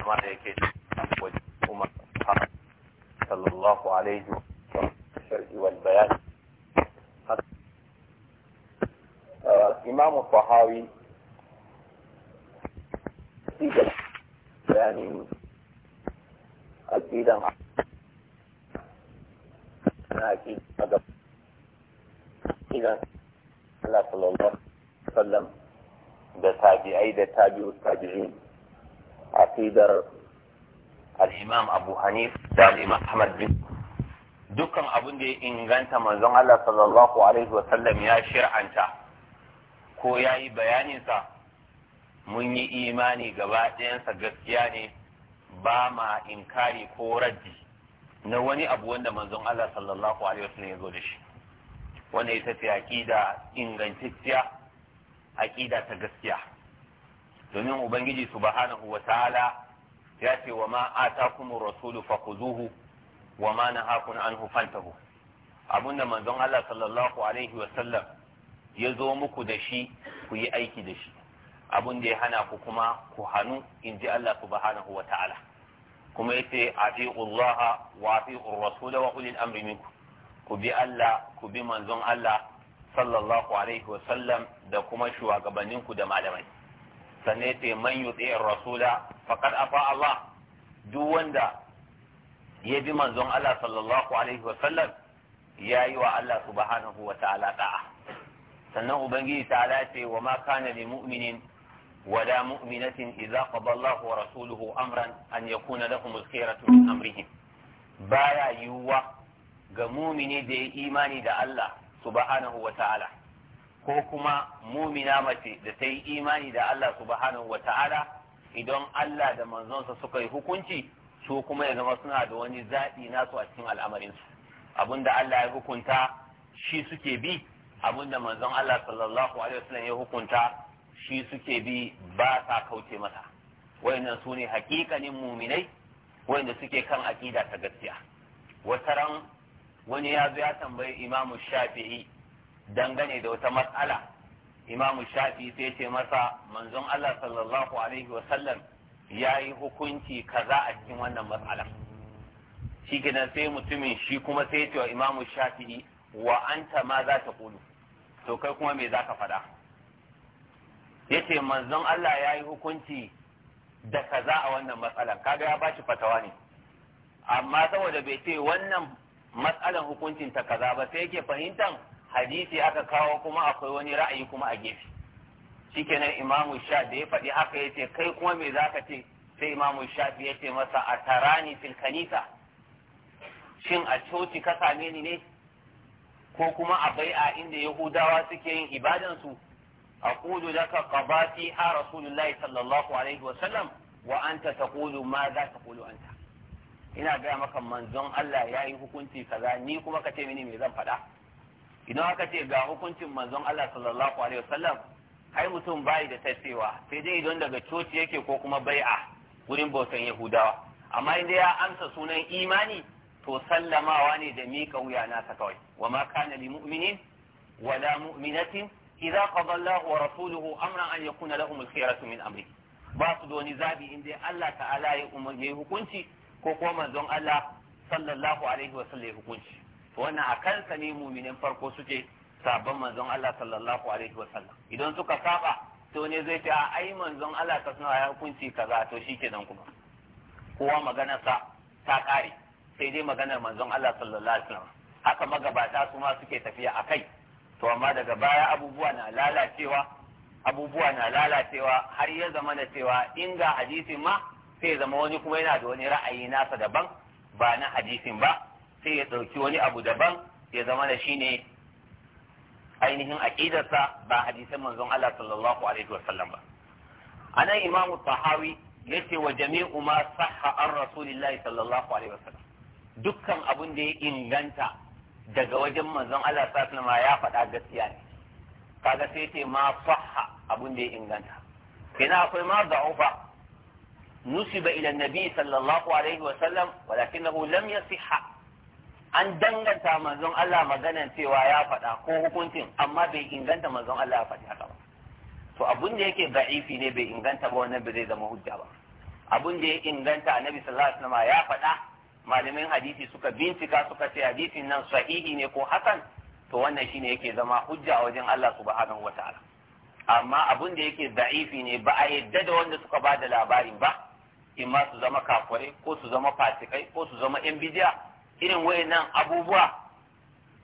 kamar yake wajen umar sallallahu alaihi wa shar'i wal يعني أكيد أكيد أدب إذا صلى الله عليه وسلم ده تابعي ده تابع التابعين aqidar al-imam abu hanif da al-imam ahmad bin dukkan abin da ya inganta manzon Allah sallallahu alaihi wa sallam ya shir'anta ko ya yi bayaninsa mun yi imani gaba ɗayansa gaskiya ne ba ma inkari ko raddi na wani abu wanda manzon Allah sallallahu alaihi Sallam ya zo da shi wanda ita ce aqida ingantacciya aqida ta gaskiya domin ubangiji subhanahu wa ta'ala ya ce wa ma rasulu fakuzuhu wa ma nahakum anhu fantahu abunda manzon Allah sallallahu alaihi wa sallam ya zo muku da shi ku yi aiki da shi abun da ya hana ku kuma ku hannu in ji Allah subhanahu wa ta'ala kuma yace atiullaha wa atiur rasula wa ulil amri minkum ku bi Allah ku bi manzon Allah sallallahu alaihi wa sallam da kuma shugabanninku da malamai sanne ce man yuti rasula faqad afa Allah duk wanda ya bi manzon Allah sallallahu alaihi wa sallam yayi wa Allah subhanahu wa ta'ala da'a sannan ubangiji ta'ala ce wa ma kana lil mu'minin ولا مؤمنة إذا قضى الله ورسوله أمرا أن يكون لهم الخيرة من أمرهم بايا يوا ga mumini da ya imani da Allah subhanahu wa ta'ala ko kuma mumina mace da ta yi imani da Allah subhanahu wa ta'ala idan Allah da manzonsa suka yi hukunci su kuma ya zama suna da wani zaɓi nasu a cikin al'amarinsu da Allah ya hukunta shi suke bi da manzon Allah sallallahu alaihi wasallam ya hukunta shi suke bi ba sa kauce masa wayannan su ne hakikanin muminai wayanda suke kan aƙida ta gaskiya wataran wani ya zo ya tambayi imamu shafi'i dangane da wata matsala imam shafi sai ce masa manzon Allah sallallahu alaihi wasallam ya yi hukunci kaza a cikin wannan matsala shi kenan sai mutumin shi kuma sai ce wa imam shafi wa anta ma za ta kulu to kai kuma me za ka faɗa yace manzon Allah ya yi hukunci da kaza a wannan matsala, kaga ya bashi fatawa ne amma saboda bai ce wannan matsalan hukuncin ta kaza ba sai yake fahimtan hadisi aka kawo kuma akwai wani ra'ayi kuma a gefe shikenan imamu sha da ya faɗi haka ya ce kai kuma me za ka ce sai imamu shafi ya ce masa a tarani fil kanisa shin a coci ka same ni ne ko kuma a bai'a inda yahudawa suke yin ibadansu أقول لك قضاتها رسول الله صلى الله عليه وسلم وأنت ma ماذا تقول أنت ina gaya maka manzon Allah ya yi hukunci kaza ni kuma ka ce mini me zan faɗa idan aka ce ga hukuncin manzon Allah sallallahu alaihi wasallam ai mutum bai da tasewa sai dai idan daga coci yake ko kuma bai'a wurin bautan yahudawa amma inda ya amsa sunan imani to sallamawa ne da mika wuya nasa kawai wa ma kana li mu'minin wala mu'minatin idza qada Allah wa rasuluhu amran an yakuna lahum al-khiyaratu min amri ba su da wani zabi inda Allah ta'ala ya umarni hukunci ko kuma manzon Allah sallallahu alaihi wa hukunci wannan a kansa ne muminin farko suke sabon manzon Allah sallallahu alaihi wa sallam idan suka saba to ne zai ce ai manzon Allah ta sanar ya hukunci kaza to shikenan kuma kowa magana sa ta kare sai dai maganar manzon Allah sallallahu alaihi wa sallam haka magabata su suke tafiya a kai to amma daga baya abubuwa na lalacewa abubuwa na lalacewa har ya zama da cewa inga hadisin ma sai zama wani kuma yana da wani ra'ayi nasa daban ba na hadisin ba sai ya ɗauki wani abu daban ya zama da shi ne ainihin aqidarsa ba hadisan manzon Allah sallallahu alaihi wasallam ba anan imamu tahawi yace wa jami'u ma sahha an rasulillahi sallallahu alaihi wasallam dukkan abun da ya inganta daga wajen manzon Allah sallallahu alaihi ya faɗa gaskiya ne kaga sai ce ma sahha abun da ya inganta kina akwai ma da'ufa nusiba ila nabi sallallahu alaihi wasallam walakinahu lam yasihha an danganta manzon Allah maganan cewa ya faɗa ko hukuncin amma bai inganta manzon Allah ya faɗi haka ba to abun da yake da'ifi ne bai inganta ba wannan bai zai zama hujja ba abun da ya inganta annabi sallallahu alaihi wasallam ya faɗa malamin hadisi suka bincika suka ce hadisin nan sahihi ne ko hasan to wannan shine yake zama hujja a wajen Allah subhanahu wataala amma abun da yake da'ifi ne ba a yadda da wanda suka ba da labarin ba in ma su zama kafure ko su zama fasikai ko su zama yan bidiya irin wayannan abubuwa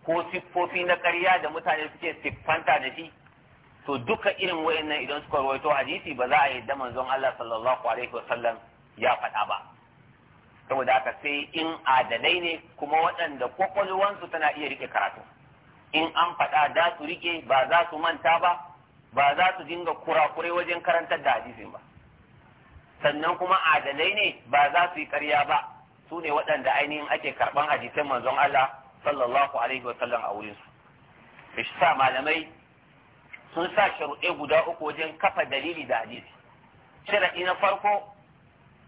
ko siffofi na ƙarya da mutane suke siffanta da shi to duka irin wayannan idan suka rawaito hadisi ba za a yi daman manzon Allah sallallahu alaihi wasallam ya faɗa ba saboda haka sai in adalai ne kuma waɗanda kwakwalwansu tana iya rike karatu in an faɗa za su rike ba za su manta ba ba za su dinga kurakurai wajen karantar da hadisin ba sannan kuma adalai ne ba za su yi ƙarya ba su ne waɗanda ainihin ake karɓan hadisai manzon Allah sallallahu alaihi wasallam a wurin su shi sa malamai sun sa sharuɗe guda uku wajen kafa dalili da hadisi sharaɗi na farko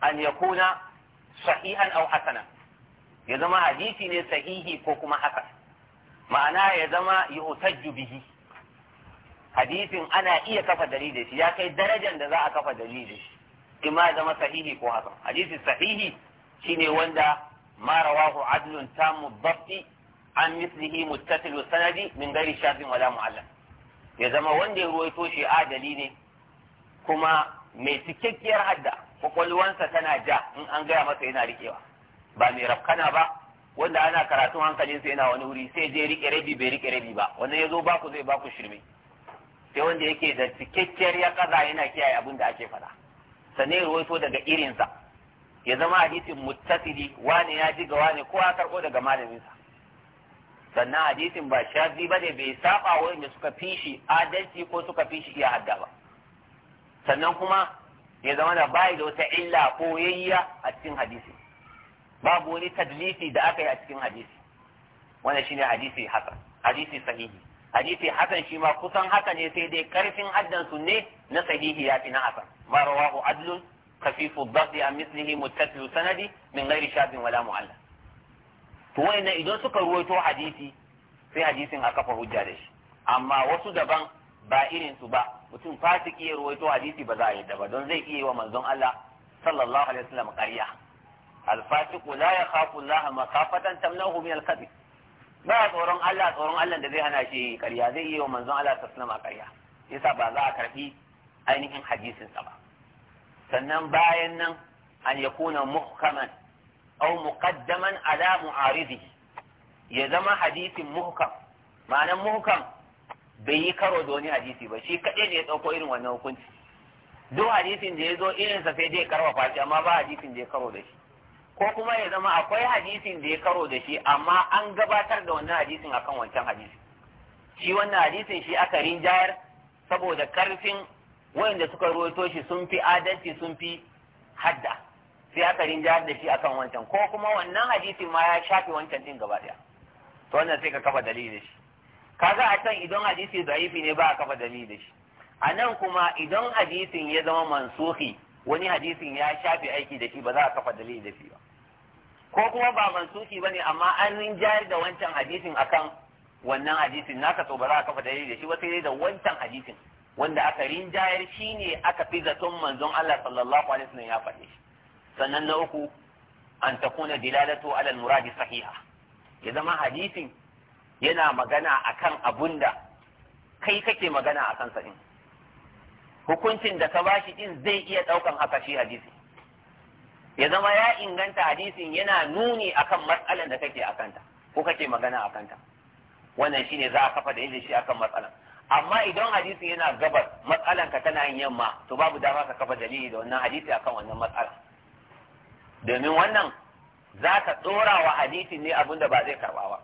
an yakuna sahihan aw hasana ya zama hadisi ne sahihi ko kuma hasan ma'ana ya zama yuhtajju bihi hadisin ana iya kafa dalili shi ya kai darajar da za a kafa dalili shi ima ya zama sahihi ko hasan hadisi sahihi shine wanda ma rawahu adlun tamu dhabti an mislihi muttasil sanadi min gari shafin wala mu'allaq ya zama wanda ya ruwaito shi adali ne kuma mai cikakkiyar hadda kwakwalwansa tana ja in an gaya masa yana rikewa ba mai rafkana ba wanda ana karatun hankalinsa yana wani wuri sai je rike rabi bai rike rabi ba wanda ya zo baku zai baku shirme sai wanda yake da cikakkiyar ya kaza yana kiyaye abin da ake faɗa sannan ya ruwaito daga irinsa ya zama hadisin muttasili wani ya ji ga wani ko a karɓo daga malaminsa sannan hadisin ba shazi ba ne bai saba wanda suka fishi adalci ko suka fishi iya hadda ba sannan kuma ya zama da bai da wata illa ko yayya a cikin hadisi babu wani tadlisi da aka yi a cikin hadisi wannan shine hadisi hasan hadisi sahihi hadisi hasan shi ma kusan haka ne sai dai karfin haddan su ne na sahihi ya fi na hasan ma rawahu adlun خفيف الضغط عن مثله متصل سندي من غير شاب ولا معلم to wayannan idan suka ruwaito hadisi sai hadisin aka kafa hujja da shi amma wasu daban ba irin su ba mutum fasiki ya ruwaito hadisi ba za a yadda ba don zai iya wa manzon Allah sallallahu alaihi wasallam ƙarya alfasiqu la yakhafu Allah makhafatan tamnahu min al-kadhib ba tsoron Allah tsoron Allah da zai hana shi ƙarya zai iya wa manzon Allah sallallahu alaihi wasallam ƙarya yasa ba za a karbi ainihin hadisin sa ba sannan bayan nan an kuna muhkaman aw muqaddaman ala mu'aridi ya zama hadisin muhkam ma'anan muhkam bai yi karo da wani hadisi ba shi kaɗai ne ya ɗauko irin wannan hukunci duk hadisin da ya zo irin sa sai dai karwa shi amma ba hadisin da ya karo da shi ko kuma ya zama akwai hadisin da ya karo da shi amma an gabatar da wannan hadisin akan wancan hadisi. shi wannan hadisin shi aka rinjayar saboda karfin wanda suka ruwaito shi sun fi adalci sun fi hadda sai aka rinjayar da shi akan wancan ko kuma wannan hadisi ma ya shafe wancan din gaba daya to wannan sai ka kafa dalili da shi kaga a can idan hadisi da'ifi ne ba a kafa dalili da shi a nan kuma idan hadisin ya zama mansuhi wani hadisin ya shafe aiki da shi ba za a kafa dalili da shi ba ko kuma ba mansuhi ba ne amma an rinjayar da wancan hadisin akan wannan hadisin naka to ba za a kafa dalili da shi ba sai dai da wancan hadisin wanda aka rinjayar shi ne aka fi zaton manzon Allah sallallahu alaihi wasallam ya faɗi sannan na uku an takuna dilalatu ala muradi sahiha ya zama hadisin yana magana akan abun da kai kake magana a kansa din hukuncin da ka bashi din zai iya daukan haka shi hadisi ya zama ya inganta hadisin yana nuni akan matsalan da kake akanta ko kake magana akanta wannan shine za a kafa da shi akan matsalan amma idan hadisi yana gabas matsalan ka tana yin yamma to babu dama ka kafa dalili da wannan hadisi akan wannan matsala domin wannan za ka tsora wa hadisi ne abinda ba zai karba ba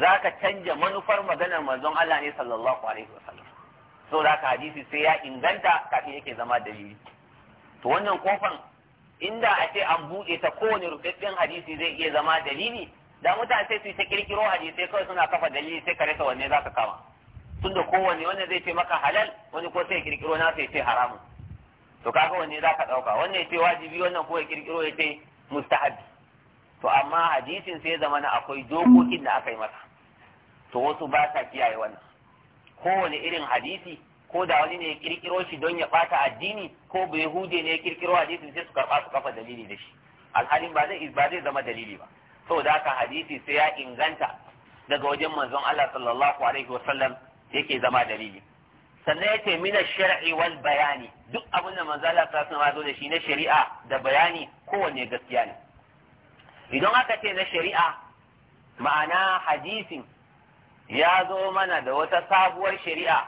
za ka canja manufar maganar manzon Allah ne sallallahu alaihi wasallam so za ka hadisi sai ya inganta kafin yake zama dalili to wannan kofan inda a ce an buɗe ta kowane rubabbin hadisi zai iya zama dalili da mutane sai su yi ta kirkiro hadisai kawai suna kafa dalili sai ka rasa wanne za ka kama tunda kowanne wannan zai ce maka halal wani ko sai kirkiro na sai ce haramun to kaga wanne za ka ɗauka wannan ya ce wajibi wannan ko ya kirkiro ya ce mustahabi to amma hadisin sai zama na akwai dokokin da aka yi masa to wasu ba sa kiyaye wannan kowane irin hadisi ko da wani ne ya kirkiro shi don ya bata addini ko bai hude ne ya kirkiro hadisin sai su karɓa su kafa dalili da shi alhalin ba zai ba zai zama dalili ba saboda haka hadisi sai ya inganta daga wajen manzon Allah sallallahu alaihi wasallam yake zama dalili sannan yace mina ash-shar'i wal bayani duk abin da manzo Allah ta sanar da shi na shari'a da bayani kowanne gaskiya ne idan aka ce na shari'a ma'ana hadisin ya zo mana da wata sabuwar shari'a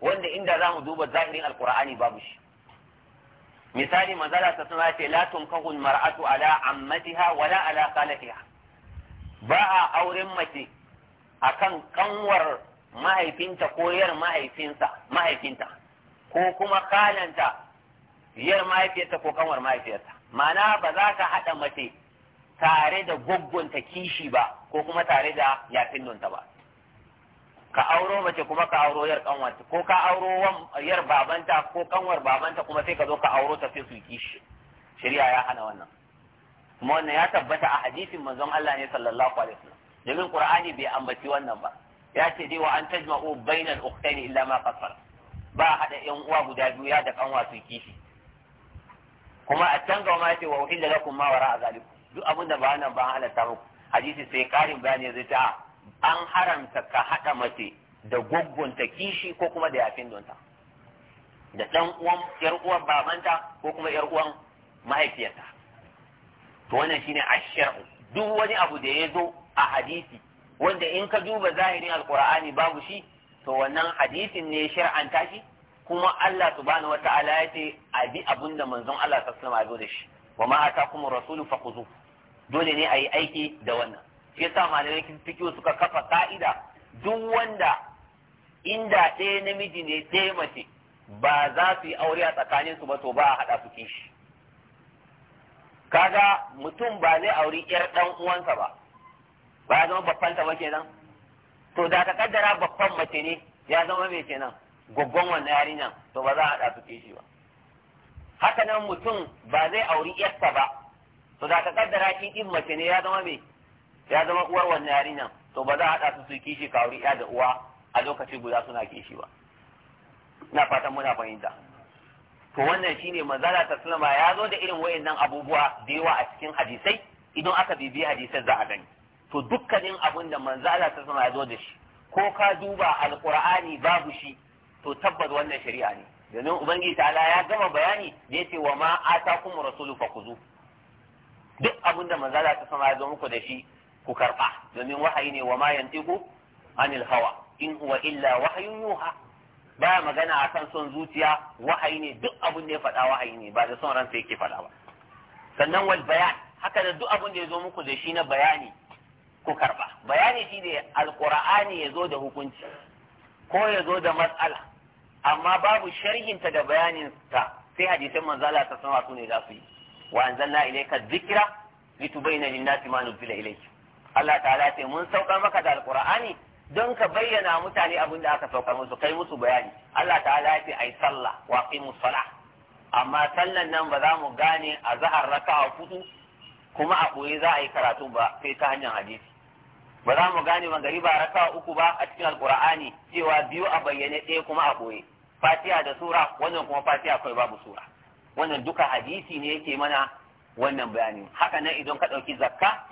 wanda inda zamu mu duba zahirin alkur'ani babu shi misali manzala ta suna ce la tunkahu mar'atu ala ammatiha wala ala khalatiha ba a auren mace akan kanwar mahaifinta ko yar mahaifinsa mahaifinta ko kuma kananta yar mahaifiyarta ko kanwar mahaifiyarta ma'ana ba za ka haɗa mace tare da gwaggonta kishi ba ko kuma tare da yafin nunta ba ka auro mace kuma ka auro yar kanwarta ko ka auro yar babanta ko kanwar babanta kuma sai ka zo ka auro ta sai su kishi shari'a ya hana wannan kuma wannan ya tabbata a hadisin manzon Allah ne sallallahu alaihi wasallam domin qur'ani bai ambaci wannan ba ya ce dai wa an tajma'u bainal ukhtaini illa ma qasara ba hada yan uwa guda biyu ya da kanwa su kishi kuma a can ga ma yace wa uhilla lakum ma wara azalik duk abin ba nan ba halatta muku hadisi sai karin bayani zai ta an haramta ka hada mace da gogonta kishi ko kuma da yafin donta da dan uwan yar uwan babanta ko kuma yar uwan mahaifiyarta to wannan shine ash duk wani abu da ya zo a hadisi wanda in ka duba zahirin alkur'ani babu shi to wannan hadisin ne shar'anta shi kuma Allah subhanahu wata'ala ya ce a bi abinda manzon Allah sallallahu alaihi wasallam da shi wa ma atakum rasulu fakuzu dole ne ayi aiki da wannan shi yasa malamai fiqh suka kafa ka'ida duk wanda inda ɗaya namiji ne ɗaya mace ba za su yi aure a tsakanin su ba to ba a haɗa su kishi kaga mutum ba zai auri ƴar ɗan uwansa ba ba ya zama babban ta ba kenan to da ka kaddara babban mace ne ya zama mai kenan goggon wannan yarinya to ba za a haɗa su kishi ba haka nan mutum ba zai auri yarsa ba to da ka kaddara shi ɗin mace ne ya zama mai ya zama uwar wannan yarinya to ba za a haɗa su su kishi ka auri ya da uwa a lokaci guda suna kishi ba ina fatan muna fahimta to wannan shine manzala ta sulama ya zo da irin wayannan abubuwa da yawa a cikin hadisai idan aka bibiya Hadisai za a gani to dukkanin abin da manzo Allah ta sama ya zo da shi ko ka duba alqur'ani babu shi to tabbas wannan shari'a ne domin ubangiji ta'ala ya gama bayani da yace wa ma atakum rasulu fakuzu duk abin da manzo Allah ta sama ya zo muku da shi ku karba domin wahayi ne wa ma yantiqu anil hawa in huwa illa wahyun yuha ba magana akan son zuciya wahayi ne duk abin da ya faɗa wahayi ne ba da son ransa yake faɗa ba sannan wal bayan haka da duk abin da ya zo muku da shi na bayani ku karba bayani ne Alƙur'ani ya zo da hukunci ko ya zo da matsala. amma babu sharhinta da bayanin sai hadisan manzala ta sanwa su ne za su yi wa anzalna ilayka dhikra litubayyana lin-nasi ma nuzila ilayk Allah ta'ala ce mun sauka maka da Alƙur'ani don ka bayyana mutane abin da aka sauka musu kai musu bayani Allah ta'ala ya ai sallah wa qimus salah amma sallan nan ba za mu gane a zahar raka'a hudu kuma a koyi za a yi karatu ba sai ta hanyar hadisi ba za mu gane gari ba raka uku ba a cikin alkur'ani cewa biyu a bayyane ɗaya kuma a ɓoye fatiha da sura wannan kuma fatiha kawai babu sura wannan duka hadisi ne yake mana wannan bayani haka nan idan ka ɗauki zakka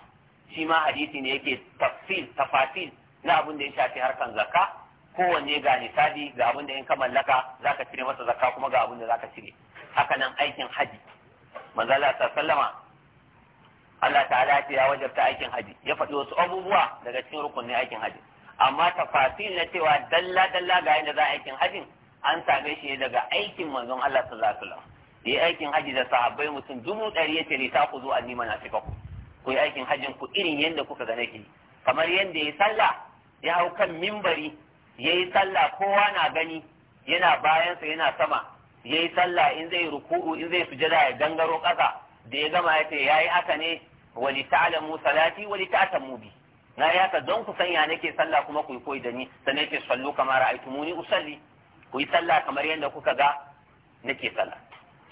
shi ma hadisi ne yake tafsil tafasil na abin da ya shafi harkan zakka kowanne ga nisabi ga abin da in ka mallaka zaka cire masa zakka kuma ga abin da ka cire haka nan aikin hajji. manzo Allah sallama Allah ta'ala ce ya wajabta aikin haji ya faɗi wasu abubuwa daga cikin rukunin aikin haji amma tafasil na cewa dalla dalla ga yadda za aikin hajin an same shi daga aikin manzon Allah sallallahu alaihi wasallam da yi aikin haji da sahabbai mutum dubu ɗari ya ce ne ta ku zo annima na fika ku ku yi aikin hajin ku irin yadda kuka ga nake kamar yadda ya sallah ya hau kan mimbari ya yi sallah kowa na gani yana bayansa yana sama ya yi sallah in zai ruku'u in zai sujada ya gangaro ƙasa da ya gama ya ce ya yi haka ne wali ta'lamu salati wali ta'tamu bi na yi haka don ku sanya nake sallah kuma ku yi koyi da ni sannan yake sallu kamar ra'aytumuni usalli ku yi sallah kamar yadda kuka ga nake sallah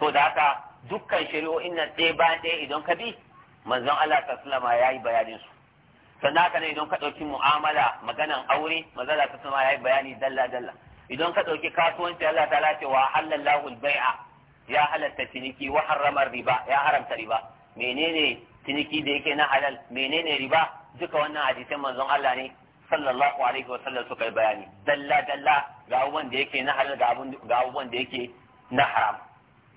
so da haka dukkan shari'o'in nan ɗaya bayan ɗaya idan ka bi manzon Allah sallallahu ya yi bayanin su sannan haka ne idan ka ɗauki mu'amala maganan aure manzon Allah sallallahu ya yi bayani dalla dalla idan ka ɗauki kasuwanci Allah ta lafiya wa halallahu al-bai'a ya halatta ciniki wa harrama riba ya haramta riba menene ciniki da yake na halal menene riba duka wannan hadisin manzon Allah ne sallallahu alaihi wa sallam suka bayani dalla dalla ga abubuwan da yake na halal ga abubuwan da yake na haram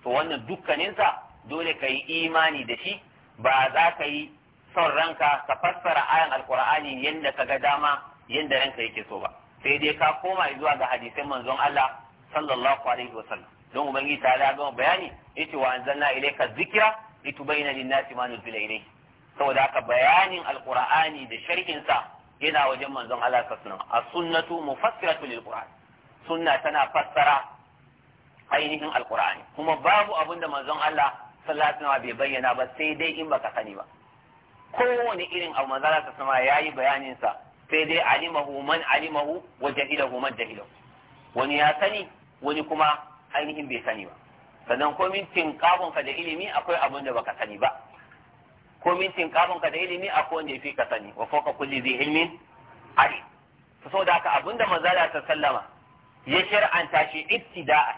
to wannan dukkaninsa dole ka yi imani da shi ba za ka yi son ranka ka fassara ayan alkur'ani yadda ka ga dama yadda ranka yake so ba sai dai ka koma zuwa ga hadisin manzon Allah sallallahu alaihi wa sallam don ubangiji ta da gama bayani yace wa anzalna ilayka dhikra litubayyana lin-nasi ma nuzila ilayhi saboda haka bayanin alqur'ani da sharhin sa yana wajen manzon Allah sallallahu alaihi wasallam as-sunnatu mufassiratu lil-qur'an sunna tana fassara ainihin alqur'ani kuma babu abinda manzon Allah sallallahu alaihi wasallam bai bayyana ba sai dai in baka sani ba kowane irin abu manzon Allah sallallahu alaihi wasallam yayi bayanin sa sai dai alimahu man alimahu wa jahilahu man jahilahu wani ya sani wani kuma ainihin bai sani ba sannan komin tinkabun ka da ilimi akwai abin da baka sani ba komin tinkabun ka da ilimi akwai wanda yafi ka sani wa fawqa kulli dhi ilmin ali to saboda haka abinda manzala ta sallama ya shar'anta shi ibtida'a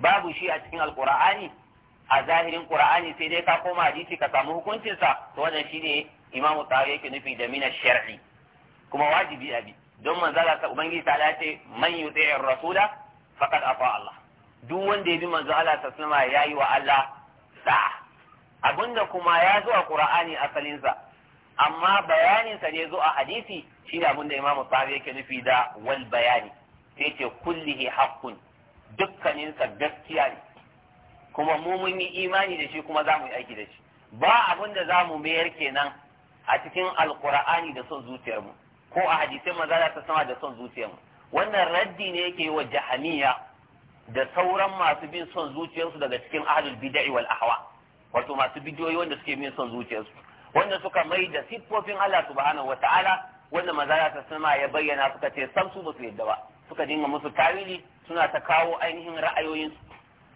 babu shi a cikin alqur'ani a zahirin qur'ani sai dai ka koma hadisi ka samu hukuncin sa to wannan shine imamu tsari yake nufi da mina shar'i kuma wajibi abi don manzala ta ubangiji ta ce man yuti'ir rasula faqad ata Allah duk wanda ya bi manzo Allah ta sallama ya yi wa Allah sa'a abinda kuma ya zo a Qur'ani asalinsa amma bayaninsa ne zo a hadisi shine abinda Imam Bukhari yake nufi da wal bayani sai ce kullihi haqqun dukkaninsa gaskiya ne kuma mu mun yi imani da shi kuma za yi aiki da shi ba abin zamu mayar kenan a cikin alkur'ani da son zuciyarmu ko a hadisai maza za ta sama da son zuciyarmu wannan raddi ne yake yi wa jahamiya da sauran masu bin son zuciyarsu daga cikin ahlul bid'i wal ahwa wato masu bidiyoyi wanda suke bin son zuciyarsu wanda suka mai da siffofin Allah subhanahu wataala wanda maza ta sama ya bayyana suka ce sam su basu yadda ba suka dinga musu tawili suna ta kawo ainihin ra'ayoyin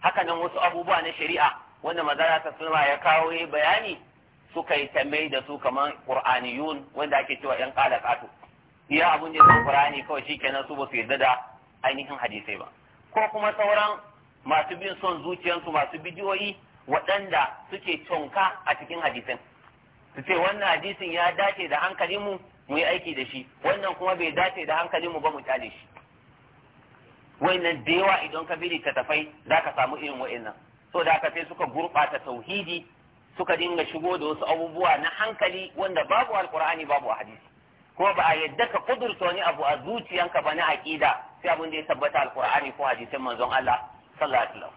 haka nan wasu abubuwa na shari'a wanda maza ta sama ya kawo ya bayani suka yi mai da su kamar qur'aniyun wanda ake cewa yan qala qatu iya abun da qur'ani kawai shikenan su basu yadda da ainihin hadisai ba ko kuma sauran masu bin son zuciyarsu masu bidiyoyi waɗanda suke conka a cikin hadisin su ce wannan hadisin ya dace da hankalinmu mu yi aiki da shi wannan kuma bai dace da hankalinmu ba mu kyale shi nan da yawa idan ka bi tafai za ka samu irin nan? so da ka sai suka gurɓata tauhidi suka dinga shigo da wasu abubuwa na hankali wanda babu alkur'ani babu a hadisi Kuma ba a yadda ka kudurta wani abu a zuciyanka ba na aƙida. sai abin da ya tabbata Alƙur'ani ko hadisin manzon Allah sallallahu alaihi wasallam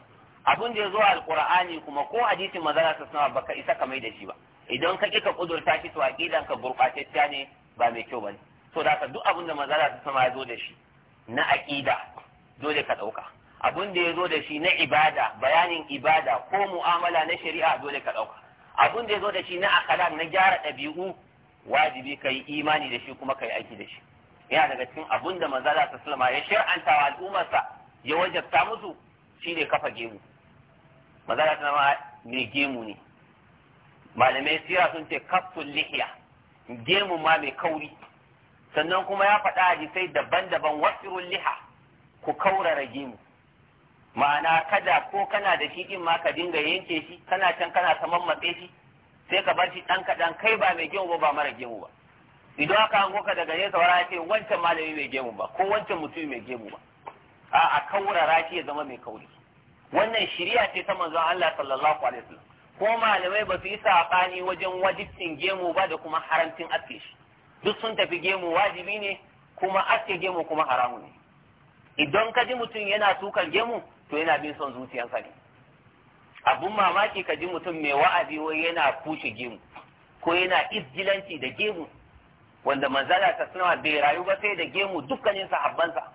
abin da ya zo Alƙur'ani kuma ko hadisin manzon Allah sallallahu alaihi wasallam isa ka mai da shi ba idan ka kika kudurta shi to aqidan ka gurbatacciya ne ba mai kyau bane to da ka duk abin da manzon Allah sallallahu alaihi ya zo da shi na aqida dole ka dauka abin da ya zo da shi na ibada bayanin ibada ko mu'amala na shari'a dole ka ɗauka abin da ya zo da shi na akhlaq na gyara ɗabi'u wajibi ka yi imani da shi kuma ka yi aiki da shi yana daga cikin abun da manzo Allah sallama ya shar'anta wa al'ummarsa ya wajabta musu ne kafa gemu manzo Allah sallama mai gemu ne malamai siya sun ce kaftun lihiya gemu ma mai kauri sannan kuma ya faɗa hadisai daban-daban wasirun liha ku kaurara gemu ma'ana kada ko kana da shi din ma ka dinga yanke shi kana can kana ta mammatse shi sai ka bar shi ɗan kaɗan kai ba mai gemu ba ba mara gemu ba idan aka hango ka daga nesa wara ce wancan malami mai gemu ba ko wancan mutum mai gemu ba a a kaurara ya zama mai kauri wannan shiriya ce ta manzon Allah sallallahu alaihi wasallam ko malamai ba su yi saɓani wajen wajibcin gemu ba da kuma haramcin aske shi duk sun tafi gemu wajibi ne kuma aske gemu kuma haramu ne idan ka ji mutum yana tukan gemu to yana bin son zuciyarsa ne abun mamaki ka ji mutum mai wa'azi wai yana kushe gemu ko yana izgilanci da gemu wanda manzala ta suna bai rayu ba sai da gemu dukkanin sahabbansa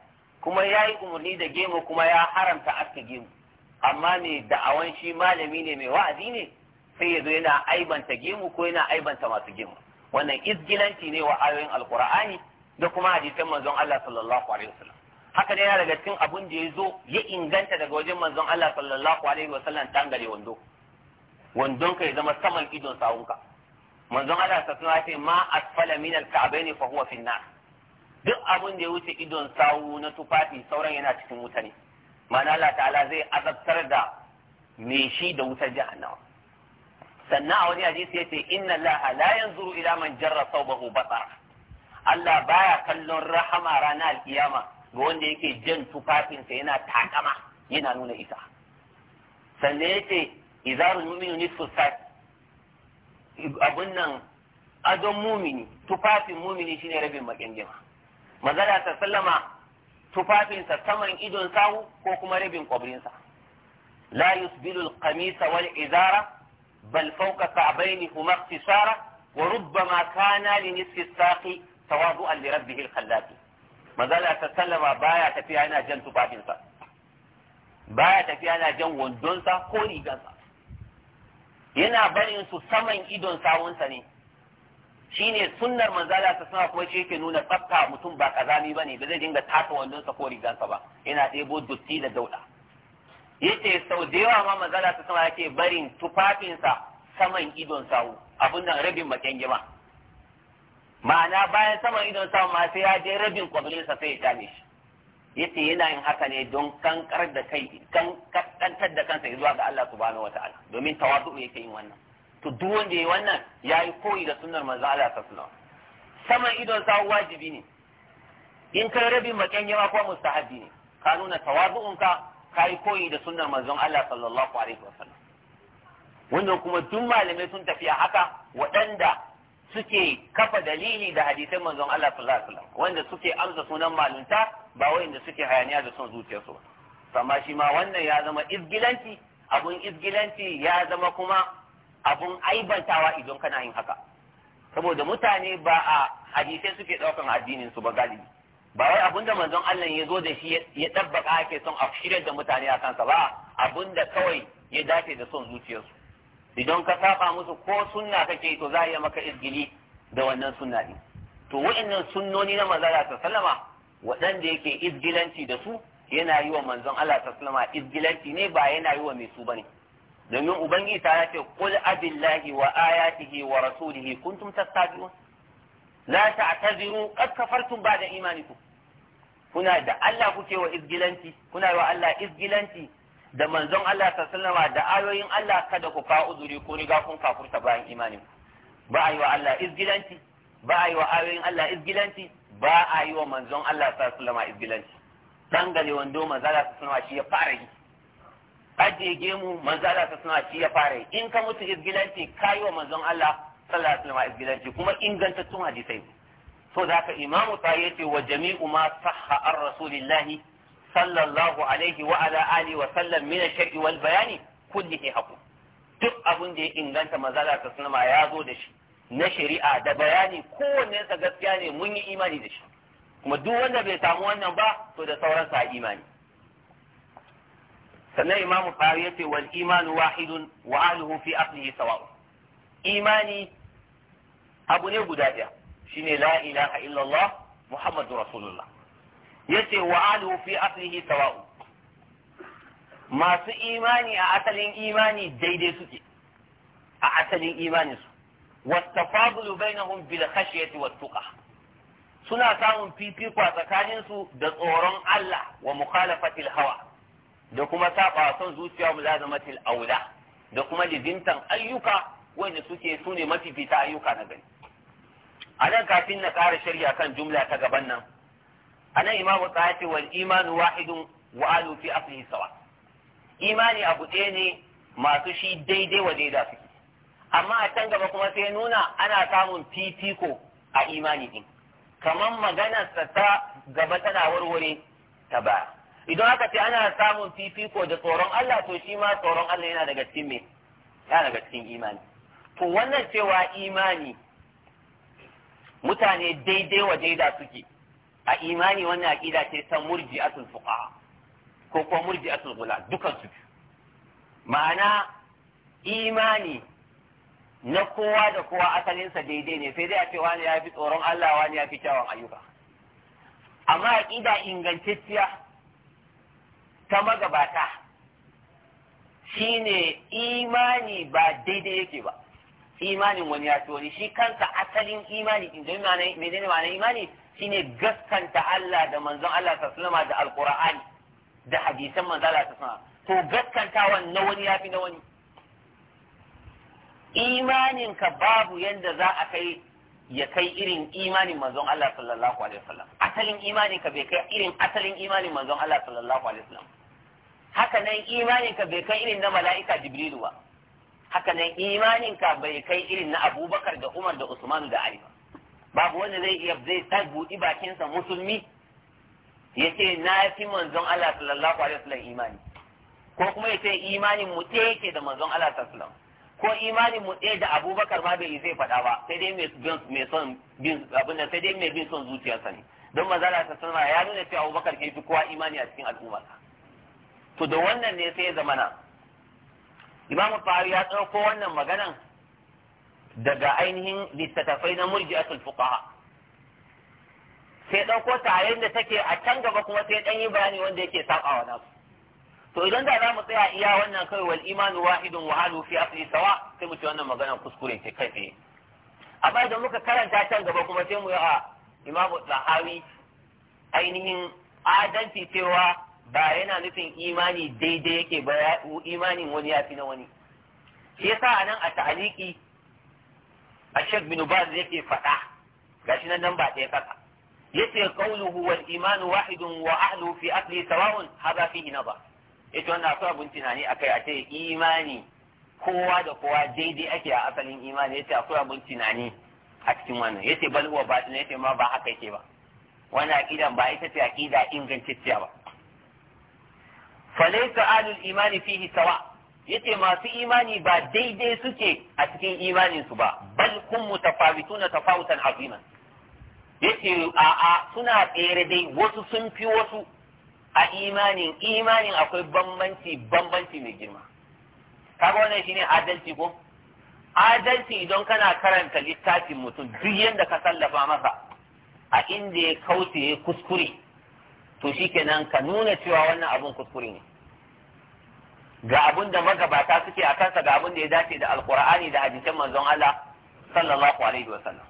kuma ya yi umarni da gemu kuma ya haramta aska gemu amma ne da'awan shi malami ne mai wa'azi ne sai ya zo yana aibanta gemu ko yana aibanta masu gemu wannan izgilanci ne wa ayoyin alkur'ani da kuma hadisan manzon Allah sallallahu alaihi wasallam haka dai yana daga cikin abun da ya zo ya inganta daga wajen manzon Allah sallallahu alaihi wasallam tangare wando wandon ka ya zama saman idon sawunka manzon Allah sallallahu alaihi wasallam ma asfala min al-ka'bayn fa huwa fi an-nar duk abun da ya wuce idon sawu na tufafi sauran yana cikin wuta ne ma'ana Allah ta'ala zai azabtar da me shi da wutar jahannama sannan a wani hadisi yace inna Allah la yanzuru ila man jarra thawbahu basara Allah baya kallon rahama ranar alkiyama ga wanda yake jan tufafinsa yana takama yana nuna isa sannan yake izarul mu'minu nisfu sa'id abun nan adon mumini tufafin mumini shine rabin makyanjima mazala ta sallama tufafinsa saman idon sawu ko kuma rabin kwabrinsa la yusbilu alqamisa wal izara bal fawqa ka'bayni huma ikhtisara wa rubbama kana li nisfi saqi tawadu'an li rabbih al manzala ta sallama baya tafiya yana jan tufafinsa baya tafiya yana jan wandonsa ko rigansa yana barin su saman idon sawunsa ne shine sunnar manzala ta sama kuma shi yake nuna tsafta mutum ba kazami ba ne, ba zai dinga tafa wandonsa ko rigansa ba yana ɗebo dotti da dauɗa yace sau da yawa ma manzala ta sama yake barin tufafinsa saman idon sawu abin nan rabin makyan gima ma'ana bayan saman idon sama ma sai ya je rabin kwablinsa sai ya dame shi yace yana yin haka ne don kankar da kai kan kaskantar da kansa zuwa ga Allah subhanahu wataala domin tawadu yake yin wannan to duk wanda yayi wannan yayi koyi da sunnar manzo Allah sallallahu alaihi wasallam saman idon sa wajibi ne in kai rabin makanya ma ko mustahabi ne ka nuna tawadu'unka kai koyi da sunnar manzon Allah sallallahu alaihi wasallam wannan kuma duk malamai sun tafi haka waɗanda suke kafa dalili da hadisai manzon Allah sallallahu alaihi wasallam wanda suke amsa sunan malunta ba wanda suke hayaniya da son zuciyarsu ba amma shi ma wannan ya zama izgilanci abun izgilanci ya zama kuma abun aibantawa idan kana yin haka saboda mutane ba a hadisai suke daukan addinin su ba galibi ba wai abun da manzon Allah ya zo da shi ya tabbaka ake son a shirya da mutane a kansa ba abun da kawai ya dace da son zuciyarsu idan ka saba musu ko sunna kake to za a iya maka izgili da wannan sunna din to wa'annan sunnoni na manzon Allah sallama waɗanda yake izgilanci da su yana yi wa manzon Allah sallama izgilanci ne ba yana yi wa mai su bane domin ubangiji ta ce qul abillahi wa ayatihi wa rasulihi kuntum tastabi'un la ta'taziru qad kafartum ba'da imanikum kuna da Allah kuke wa izgilanci kuna wa Allah izgilanci da manzon Allah sallama da ayoyin Allah kada ku kawo uzuri ko riga kun kafurta bayan imanin ba a yi wa Allah izgilanci ba a yi wa ayoyin Allah izgilanci ba a yi wa manzon Allah sallama izgilanci dan gale wando manzon Allah sallama shi ya fara yi aje gemu manzon Allah sallama shi ya fara yi in ka mutu izgilanci kai wa manzon Allah sallallahu alaihi wasallam izgilanci kuma ingantattun hadisai so da haka imamu ta yace wa jami'u ma sahha ar rasulillahi sallallahu alaihi wa ala alihi wa sallam min ash-shar'i wal bayani kullihi duk abin da ya inganta mazala ta sunama ya zo da shi na shari'a da bayani kowanne sa gaskiya ne mun yi imani da shi kuma duk wanda bai samu wannan ba to da sauran sa imani sannan imamu fari yace wal imanu wahidun wa ahluhu fi aqlihi sawa'un imani abu ne guda ɗaya shine la ilaha illallah muhammadur rasulullah yace wa alu fi aslihi sawa'u masu imani a asalin imani daidai suke a asalin imani su wastafadulu bainahum bil khashyati wat tuqa suna samun fifiko a tsakanin su da tsoron Allah wa mukhalafatil hawa da kuma saba son zuciya mulazamatil aula da kuma lizimtan ayyuka wanda suke sune mafifita ayyuka na gani a nan kafin na ƙara shari'a kan jumla ta gaban nan anan imamu tsayati wal imanu wahidun wa alu fi sawa imani abu ɗaya ne masu shi daidai wa daida suke amma a can gaba kuma sai nuna ana samun fifiko a imani din kamar maganarsa ta gaba tana warware ta baya idan aka ce ana samun fifiko da tsoron Allah to shi ma tsoron Allah yana daga cikin me yana daga cikin imani to wannan cewa imani mutane daidai wa daida suke a imani wannan aƙida ce ta murji'atul fuqaha ko kuma murji'atul gula dukan su ma'ana imani na kowa da kowa asalinsa daidai ne sai dai a ce wani ya fi tsoron Allah wani ya fi kyawun ayyuka amma aƙida ingantacciya ta magabata shine imani ba daidai yake ba imanin wani ya wani shi kansa asalin imani in ma'ana imani shine gaskanta Allah da manzon Allah ta sallama da alqur'ani da hadisan manzon Allah ta sallama to gaskantawan na wani yafi na wani imaninka babu yanda za a kai ya kai irin imanin manzon Allah sallallahu alaihi wasallam asalin imaninka bai kai irin asalin imanin manzon Allah sallallahu alaihi wasallam haka nan imaninka bai kai irin na mala'ika jibrilu ba haka nan imaninka bai kai irin na abubakar da umar da usmanu da ali ba babu wanda zai iya zai ta buɗi bakinsa musulmi ya ce na fi manzon Allah sallallahu alaihi wasallam imani ko kuma ya ce imanin mu ɗaya yake da manzon Allah sallallahu alaihi wasallam ko imanin mu ɗaya da Abubakar ma bai zai faɗa ba sai dai mai son bin abin da sai dai mai bin son zuciyarsa ne don manzon Allah sallallahu alaihi wasallam ya nuna cewa Abubakar ke fi kowa imani a cikin al'ummarsa to da wannan ne sai ya zamana Imam Bukhari ya ɗauko wannan maganan daga ainihin littattafai na murji'atul fuqaha sai ɗauko ta da take a can gaba kuma sai ɗan yi bayani wanda yake saɓawa nasu to idan da za mu tsaya iya wannan kai wal imanu wahidun wa halu fi asli sawa sai mu ci wannan magana kuskure ce kai tsaye amma idan muka karanta can gaba kuma sai mu yi a imamu tsahawi ainihin adanci cewa ba yana nufin imani daidai yake ba imanin wani ya fi na wani shi yasa a nan a ta'aliki a shek bin baz yake faɗa shi nan nan ba ɗaya kasa yace qawluhu wal imanu wahidun wa ahlu fi aqli sawa'un hada fihi nadar yace wannan akwai abun tunani ne a kai a ce imani kowa da kowa daidai ake a asalin imani yace akwai na ne a cikin wannan Ya yace bal huwa Ya ce ma ba haka yake ba wannan aqidan ba ita ce aƙida ingantacciya ba falaysa ahlul imani fihi sawa' yace masu imani ba daidai suke a cikin imanin su ba bal kun mutafawituna tafawutan azima yace a a suna tsere dai wasu sun fi wasu a imanin imanin akwai bambanci bambanci mai girma kaga wannan shine adalci ko adalci idan kana karanta littafin mutum duk yadda ka sallafa masa a inda ya kauce kuskure to shikenan ka nuna cewa wannan abun kuskure ne ga abin da magabata suke a kansa ga abin da ya dace da alkur'ani da hadisan manzon Allah sallallahu alaihi wasallam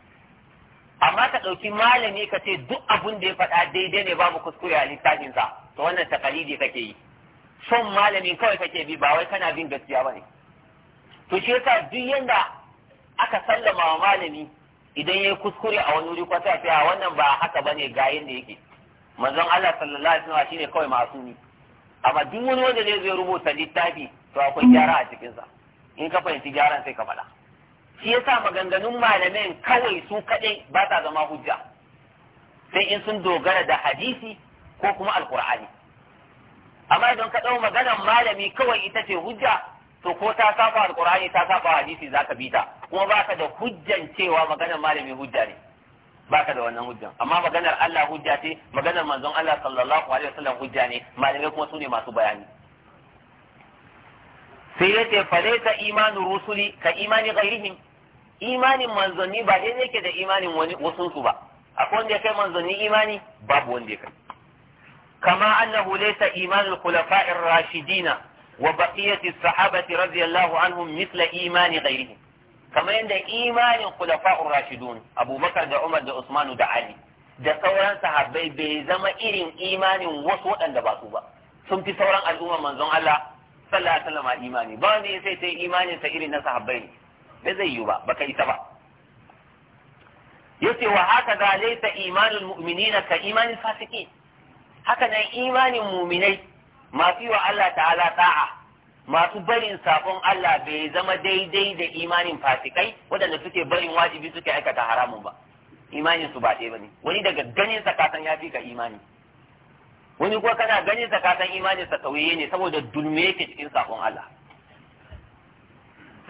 amma ka ɗauki malami ka ce duk abin da ya faɗa daidai ne babu kuskure a sa to wannan takalidi kake yi son malamin kawai kake bi ba wai kana bin gaskiya ba ne to shi yasa duk yanda aka sallama wa malami idan ya yi kuskure a wani wuri kwata a wannan ba haka bane ga yanda yake manzon Allah sallallahu alaihi wasallam shine kawai masumi amma duk wani wanda ne zai rubuta littafi to akwai gyara a cikinsa in ka fahimci gyaran sai ka faɗa shi ya sa maganganun malamai kawai su kaɗai ba ta zama hujja sai in sun dogara da hadisi ko kuma alkur'ani amma idan ka ɗau maganan malami kawai ita ce hujja to ko ta saba alkur'ani ta saba hadisi za ka bi ta kuma ba baka da hujjan cewa maganan malami hujja ne baka da wannan hujjan amma maganar Allah hujja ce maganar manzon Allah sallallahu alaihi wasallam hujja ne malamai kuma sune masu bayani sai yace falaita imanu rusuli ka imani ghairihim imanin manzanni ba dai yake da imanin wani wasun su ba akwai wanda ya kai manzanni imani babu wanda ya kai kama annahu laysa imanul khulafa'ir rashidina wa baqiyati as-sahabati radiyallahu anhum mithla imani ghairihim kamar yadda imanin khulafa'ur rashidun abubakar da umar da usmanu da ali da sauran sahabbai bai zama irin imanin wasu waɗanda ba su ba sun fi sauran al'ummar manzon Allah sallallahu alaihi wasallam imani ba wanda sai sai imanin sa irin na sahabbai bai zai yi ba baka isa ba yace wa haka da laysa imanul mu'minina ka imanin fasiki? haka nan imanin mu'minai masu wa Allah ta'ala ta'a masu barin sakon Allah bai zama daidai da imanin fasikai waɗanda suke barin wajibi suke aikata haramun ba imanin su ba ɗaya bane wani daga ganin sa kasan ya fi ka imani wani kuwa kana ganin sa kasan imanin sa kauye ne saboda dulme yake cikin sakon Allah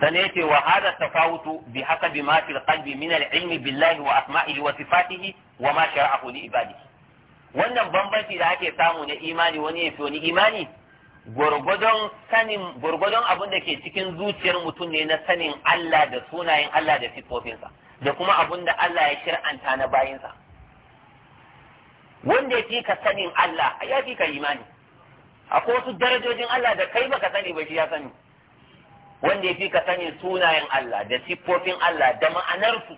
sanai ce wa hada tafawutu bi haka ma fil qalbi min al ilmi billahi wa asma'ihi wa sifatihi wa ma shara'ahu li ibadihi wannan bambanci da ake samu na imani wani ya fi wani imani gwargwadon sanin gwargwadon abin da ke cikin zuciyar mutum ne na sanin Allah da sunayen Allah da sifofinsa da kuma abin da Allah ya shir'anta na bayinsa wanda ya fi ka sanin Allah ya fi ka imani akwai wasu darajojin Allah da kai baka sani ba shi ya sani wanda ya fi ka sanin sunayen Allah da sifofin Allah da ma'anarsu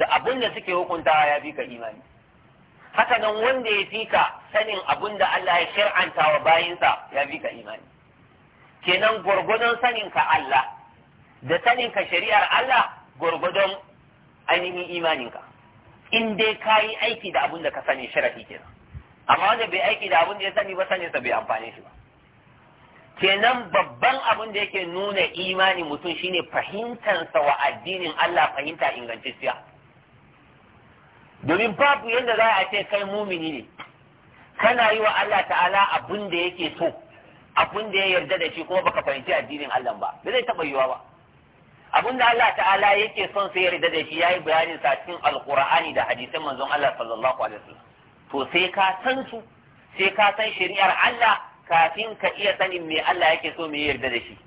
da abin da suke hukuntawa ya fi ka imani haka nan wanda ya fi ka sanin abun da Allah ya shir'anta wa bayinsa ya ka imani kenan gwargwadon saninka Allah da saninka shari'ar Allah gwargwadon ainihin imaninka in dai ka yi aiki da abun da ka sani sharafi kenan amma wanda bai aiki da abun da ya sani ba saninsa bai amfane shi ba kenan babban abun da yake nuna imani mutum shine fahimtansa wa addinin Allah fahimta ingantacciya domin babu yadda za a ce kai mumini ne kana yi wa Allah ta'ala abin da yake so abin da ya yarda da shi kuma baka fahimci addinin Allah ba ba zai taɓa yiwa ba abin da Allah ta'ala yake son sai yarda da shi yayi bayanin sa cikin alqur'ani da hadisan manzon Allah sallallahu alaihi wasallam to sai ka san su sai ka san shari'ar Allah kafin ka iya sanin me Allah yake so me yarda da shi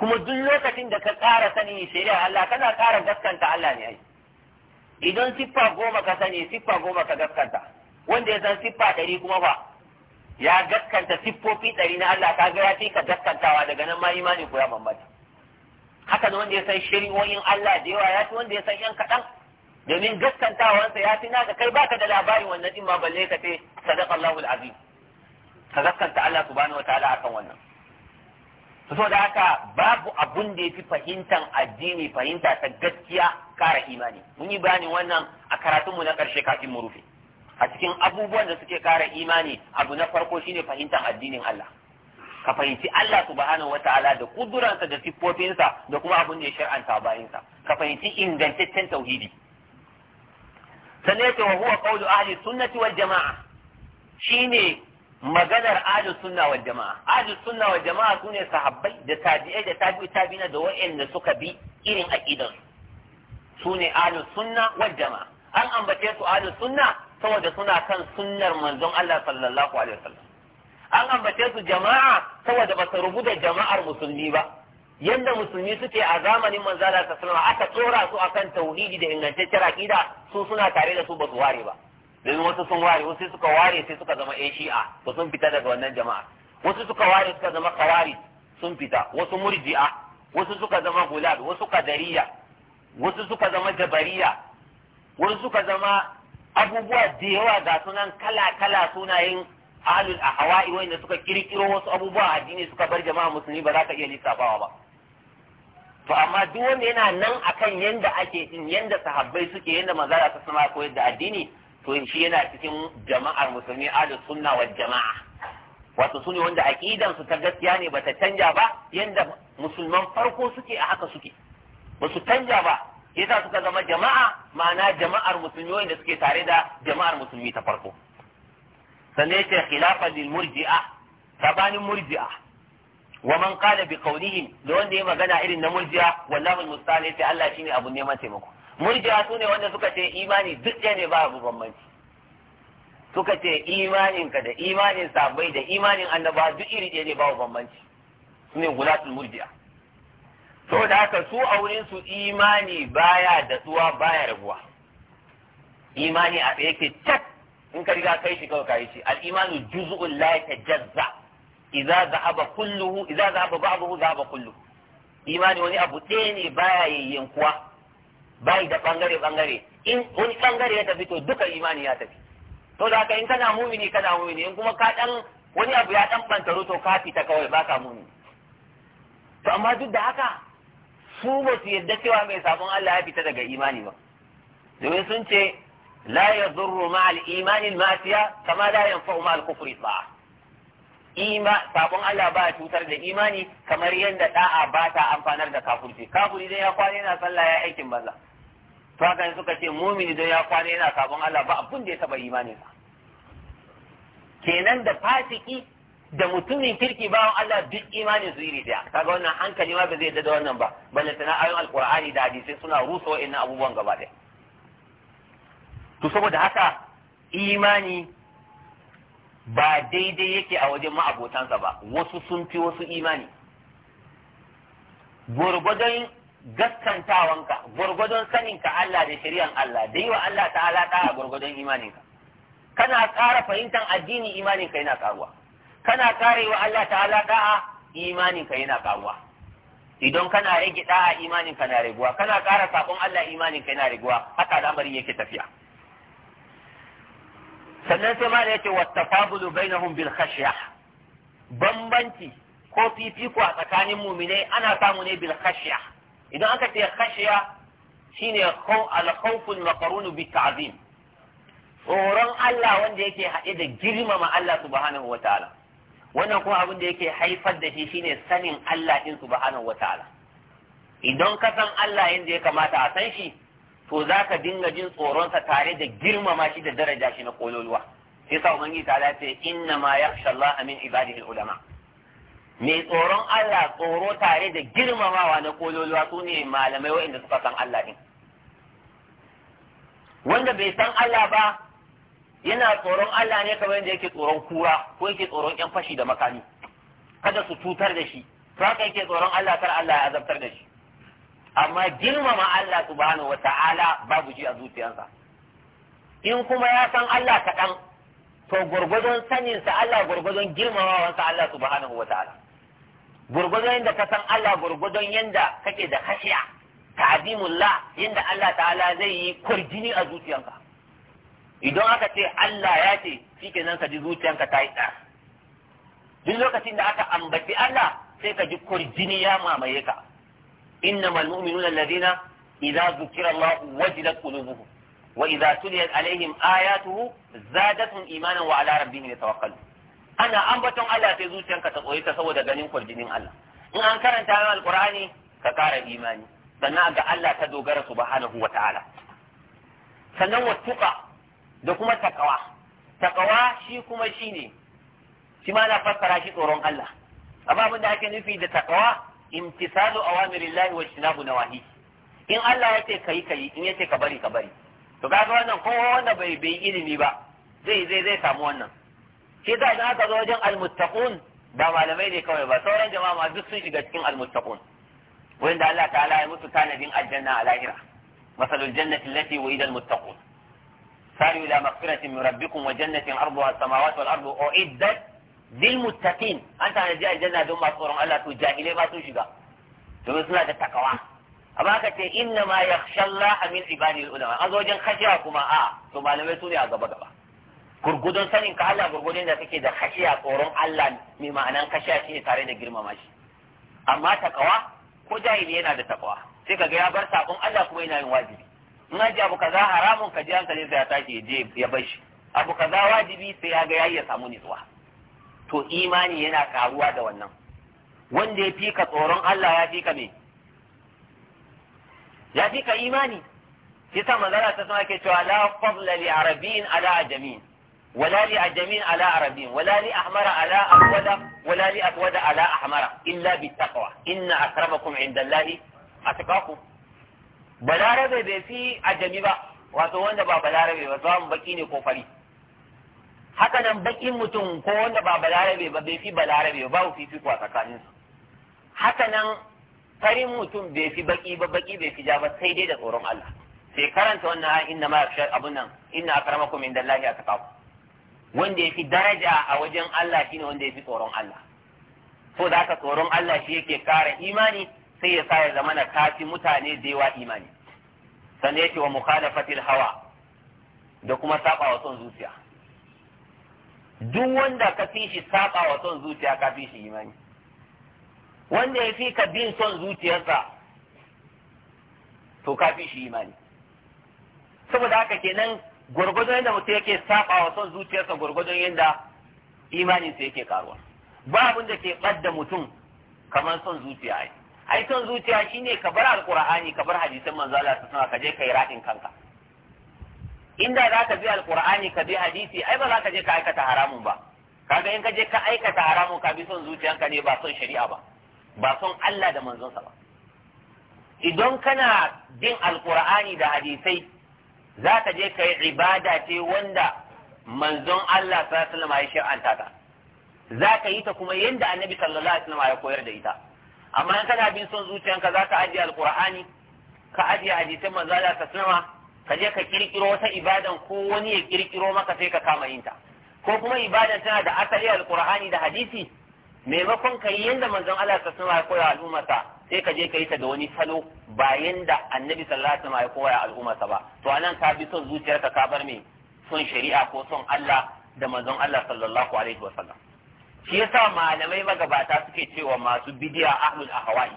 kuma duk lokacin da ka ƙara sanin shari'ar Allah kana ƙara gaskanta Allah ne ai idan siffa goma ka sani siffa goma ka gaskanta wanda ya san siffa ɗari kuma fa, ya gaskanta siffofi ɗari na Allah ka ga ya fi ka gaskantawa daga nan ma imani ku ya bambanta haka ne wanda ya san shari'o'in Allah da yawa ya fi wanda ya san yan kaɗan domin gaskantawansa ya fi naka kai baka da labarin wannan din ma balle ka ce sadaqa Allahu al-azim ka gaskanta Allah subhanahu wataala akan wannan so da haka babu abun da ya fi fahimtar addini fahimta ta gaskiya kara imani mun yi bayanin wannan a karatunmu na ƙarshe kafin mu rufe a cikin abubuwan da suke kara imani abu na farko shine fahimtar addinin Allah ka fahimci Allah subhanahu wataala da kuduransa da siffofinsa da kuma abun da ya shar'anta bayinsa. ka fahimci ingantaccen tauhidi sannan yake wa huwa qawlu ahli sunnati wal jama'a shine maganar ahlus sunna wal jama'a ahlus sunna wal jama'a sune sahabbai da tabi'ai da tabi'i tabi'ina da wa'anda suka bi irin aqidar sune ahlus sunna wal jama'a an ambace su ahlus sunna saboda suna kan sunnar manzon Allah sallallahu alaihi wasallam an ambace su jama'a saboda ba su rubuta jama'ar musulmi ba yadda musulmi suke a zamanin manzala ta wasallam aka tsora su akan tauhidi da ingantacciyar aqida su suna tare da su ba su ware ba Dan wasu sun ware wasu suka ware sai suka zama ƴan shi'a to sun fita daga wannan jama'a wasu suka ware suka zama kawari sun fita wasu murji'a wasu suka zama gulab wasu kadariya wasu suka zama jabariya wasu suka zama abubuwa da yawa ga sunan kala kala sunayen a ahwa'i wanda suka kirkiro wasu abubuwa addini suka bar jama'a musulmi ba za ka iya lissafawa ba to amma duk wanda yana nan akan yanda ake din yanda sahabbai suke yanda manzara ta sama koyar da addini to shi yana cikin jama'ar musulmi ahlus sunna wal jama'a wato sune wanda aqidan su ta gaskiya ne bata canja ba yanda musulman farko suke a haka suke ba su canja ba yasa suka zama jama'a ma'ana jama'ar musulmi wanda suke tare da jama'ar musulmi ta farko sannan yace khilafa lil murji'a sabanin murji'a wa man qala bi qawlihim da wanda ya magana irin na murji'a wallahi musta'an yace Allah shine abun neman taimako murji'a su ne wanda suka ce imani duk ɗaya ne ba abu bambanci suka ce imaninka da imanin sabai da imanin annaba duk iri ɗaya ne ba bambanci su ne gulatul murji'a so da haka su a wurin su imani baya da tsuwa baya rabuwa imani a tsaye ke cak in ka riga kai shi kawai kai shi al-imanu juz'un la yatajazza idza zahaba kulluhu idza zahaba ba'duhu zahaba kulluhu imani wani abu ɗaya ne baya yayyankuwa bai da bangare bangare in wani bangare ya tafi to duka imani ya tafi to da ka in kana mumini kana mumini in kuma ka dan wani abu ya dan bantaro to ka fita kawai ba ka mumini to amma duk da haka su ba su yadda cewa mai sabon Allah ya fita daga imani ba domin sun ce la yadurru ma al imani al masiya kama la yanfa'u ma al kufri ba. ima sabon Allah ba cutar da imani kamar yadda da'a ba ta amfanar da kafirci kafiri dai ya kwana yana sallah ya aikin banza to haka suka ce mumini don ya kwana yana sabon Allah ba abun da ya taba imanin sa kenan da fasiki da mutumin kirki bawan Allah duk imanin su iri daya kaga wannan hankali ma ba zai da wannan ba balle tana ayoyin alqur'ani da hadisi suna rusa wa'annan abubuwan gaba daya to saboda haka imani ba daidai yake a wajen ma'abotansa ba wasu sun fi wasu imani gwargwadon gaskantawanka gwargwadon saninka Allah da shari'an Allah da yi wa Allah ta'ala ɗaya gwargwadon imaninka kana ƙara fahimtar addini imaninka yana ƙaruwa kana ƙara wa Allah ta'ala ɗaya imaninka yana ƙaruwa idan kana rage ɗaya imaninka na raguwa kana ƙara saƙon Allah imaninka yana raguwa haka al'amarin yake tafiya sannan sai ma da yake bai bainahum bil khashya bambanci ko fifiko a tsakanin muminai ana samu ne bil khashya idan aka ce khashiya shine al-khawful maqrun bi ta'zim tsoron Allah wanda yake haɗe da girmama Allah subhanahu wataala wannan kuma abin da yake haifar da shi shine sanin Allah din subhanahu wataala idan ka san Allah yanda ya kamata a san shi to zaka dinga jin tsoronsa tare da girmama shi da daraja shi na kololuwa sai sa ubangiji ta ce inna ma yakhsha Allah min ibadihi ulama mai tsoron Allah tsoro tare da girmamawa na kololuwa su ne malamai waɗanda suka san Allah ɗin wanda bai san Allah ba yana tsoron Allah ne kamar yadda yake tsoron kura ko yake tsoron yan fashi da makami kada su cutar da shi to haka yake tsoron Allah kar Allah ya azabtar da shi amma girmama Allah subhanahu wata'ala babu shi a zuciyarsa in kuma ya san Allah kaɗan to gwargwadon saninsa Allah gwargwadon girmamawansa Allah subhanahu wata'ala gurgudun yadda ka san Allah gurgudun yadda kake da khashiya ta'zimullah yadda Allah ta'ala zai yi kurjini a zuciyanka idan aka ce Allah ya ce nan ka ji zuciyanka ta yi tsar duk lokacin da aka ambaci Allah sai ka ji kurjini ya mamaye ka innamal mu'minuna alladhina idza zukira Allah wajilat qulubuhum wa idza tuliyat alaihim ayatuhu zadatun imanan wa ala rabbihim yatawakkalun ana ambaton Allah sai zuciyanka ta tsoye ta saboda ganin kwarjinin Allah in an karanta yawan alkur'ani ka kara imani sannan ga Allah ta dogara subhanahu wa ta'ala sannan wattuka da kuma takawa takawa shi kuma shi ne shi ma na fassara shi tsoron Allah amma abin da ake nufi da takawa imtisalu awamirillahi wa shinabu nawahi in Allah ya ce kai kai in ya ce ka bari ka bari to kaga wannan kowa wanda bai bai ilimi ba zai zai zai samu wannan shi sa idan aka zo wajen almuttaqun ba malamai ne kawai ba sauran jama'a ma duk sun shiga cikin almuttaqun da Allah ta'ala ya mutu tanadin aljanna a lahira masalul jannati allati wa'ida almuttaqun sari ila maghfiratin min rabbikum wa jannatin arduha as-samawati wal ardu u'iddat lil muttaqin an tanaji aljanna don masu tsoron Allah to jahilai ba sun shiga domin suna da takawa amma ka ce inna ma yakhsha Allah min ibadil ulama azo wajen khashiya kuma a to malamai su ne a gaba gaba gurgudun sanin ka Allah gurgudun da kake da kashiya tsoron Allah mai ma'anan kashiya shi tare da girmama shi amma takawa ko jahili yana da takawa sai kaga ya bar sakon Allah kuma yana yin wajibi in an ji abu kaza haramun ka ji hankalin sai ya tashi ya je ya bar shi abu kaza wajibi sai ya ga yayi ya samu nutsuwa to imani yana karuwa da wannan wanda ya fika tsoron Allah ya fika me ya fika imani yasa manzara ta sama ke cewa la fadla li arabin ala ajamin ولا لأجمين على عربين ولا لأحمر على أسود ولا لأسود على أحمر إلا بالتقوى إن أكرمكم عند الله أتقاكم balarabe bai fi ajami ba wato wanda ba balarabe ba zamu baki ne ko fari haka nan bakin mutum ko wanda ba balarabe ba bai fi balarabe ba babu fifiko a tsakanin su haka nan farin mutum bai fi baki ba baki bai fi ja ba sai dai da tsoron Allah sai karanta wannan inna ma yakshar abun nan inna akramakum a atqakum wanda ya fi daraja a wajen Allah shi ne wanda ya fi tsoron Allah so da aka tsoron Allah shi yake kara imani sai ya sa ya zama na kafi mutane da yawa imani sannan yake wa mukhalafatil hawa da kuma saba wa son zuciya duk wanda ka fi shi saba wa son zuciya ka fi shi imani wanda ya fi ka bin son zuciyarsa to ka fi shi imani saboda haka kenan gwargwadon yadda mutum yake saba wa son zuciyarsa gwargwadon yadda imaninsa yake karuwa ba abin da ke ɓadda mutum kamar son zuciya ai ai son zuciya shine ka bar alqur'ani ka bar hadisan manzo Allah ta sama ka je kai radin kanka inda za ka bi alqur'ani ka bi hadisi ai ba za ka je ka aikata haramun ba kaga in ka je ka aikata haramun ka bi son zuciyanka ne ba son shari'a ba ba son Allah da manzonsa ba idan kana bin alqur'ani da hadisai za ka je ka yi ibada ce wanda manzon Allah sallallahu alaihi ya shir'anta ta za ka yi ta kuma yadda annabi sallallahu alaihi wasallam ya koyar da ita amma in kana bin son zuciyanka za ka ajiye alqur'ani ka ajiye hadisan manzon Allah sallallahu ka je ka kirkiro wata ibadan ko wani ya kirkiro maka sai ka kama yin ta ko kuma ibadan tana da asali alqur'ani da hadisi maimakon ka yi yadda manzon Allah sallallahu alaihi wasallam ya koya al'ummarsa sai ka je ka yi ta da wani salo bayan da annabi sallallahu alaihi wasallam ya koya al'ummarsa ba to anan ka bi son zuciyarka ka bar me son shari'a ko son Allah da manzon Allah sallallahu alaihi wasallam shi yasa malamai magabata suke cewa masu bidiya ahlul ahwa'i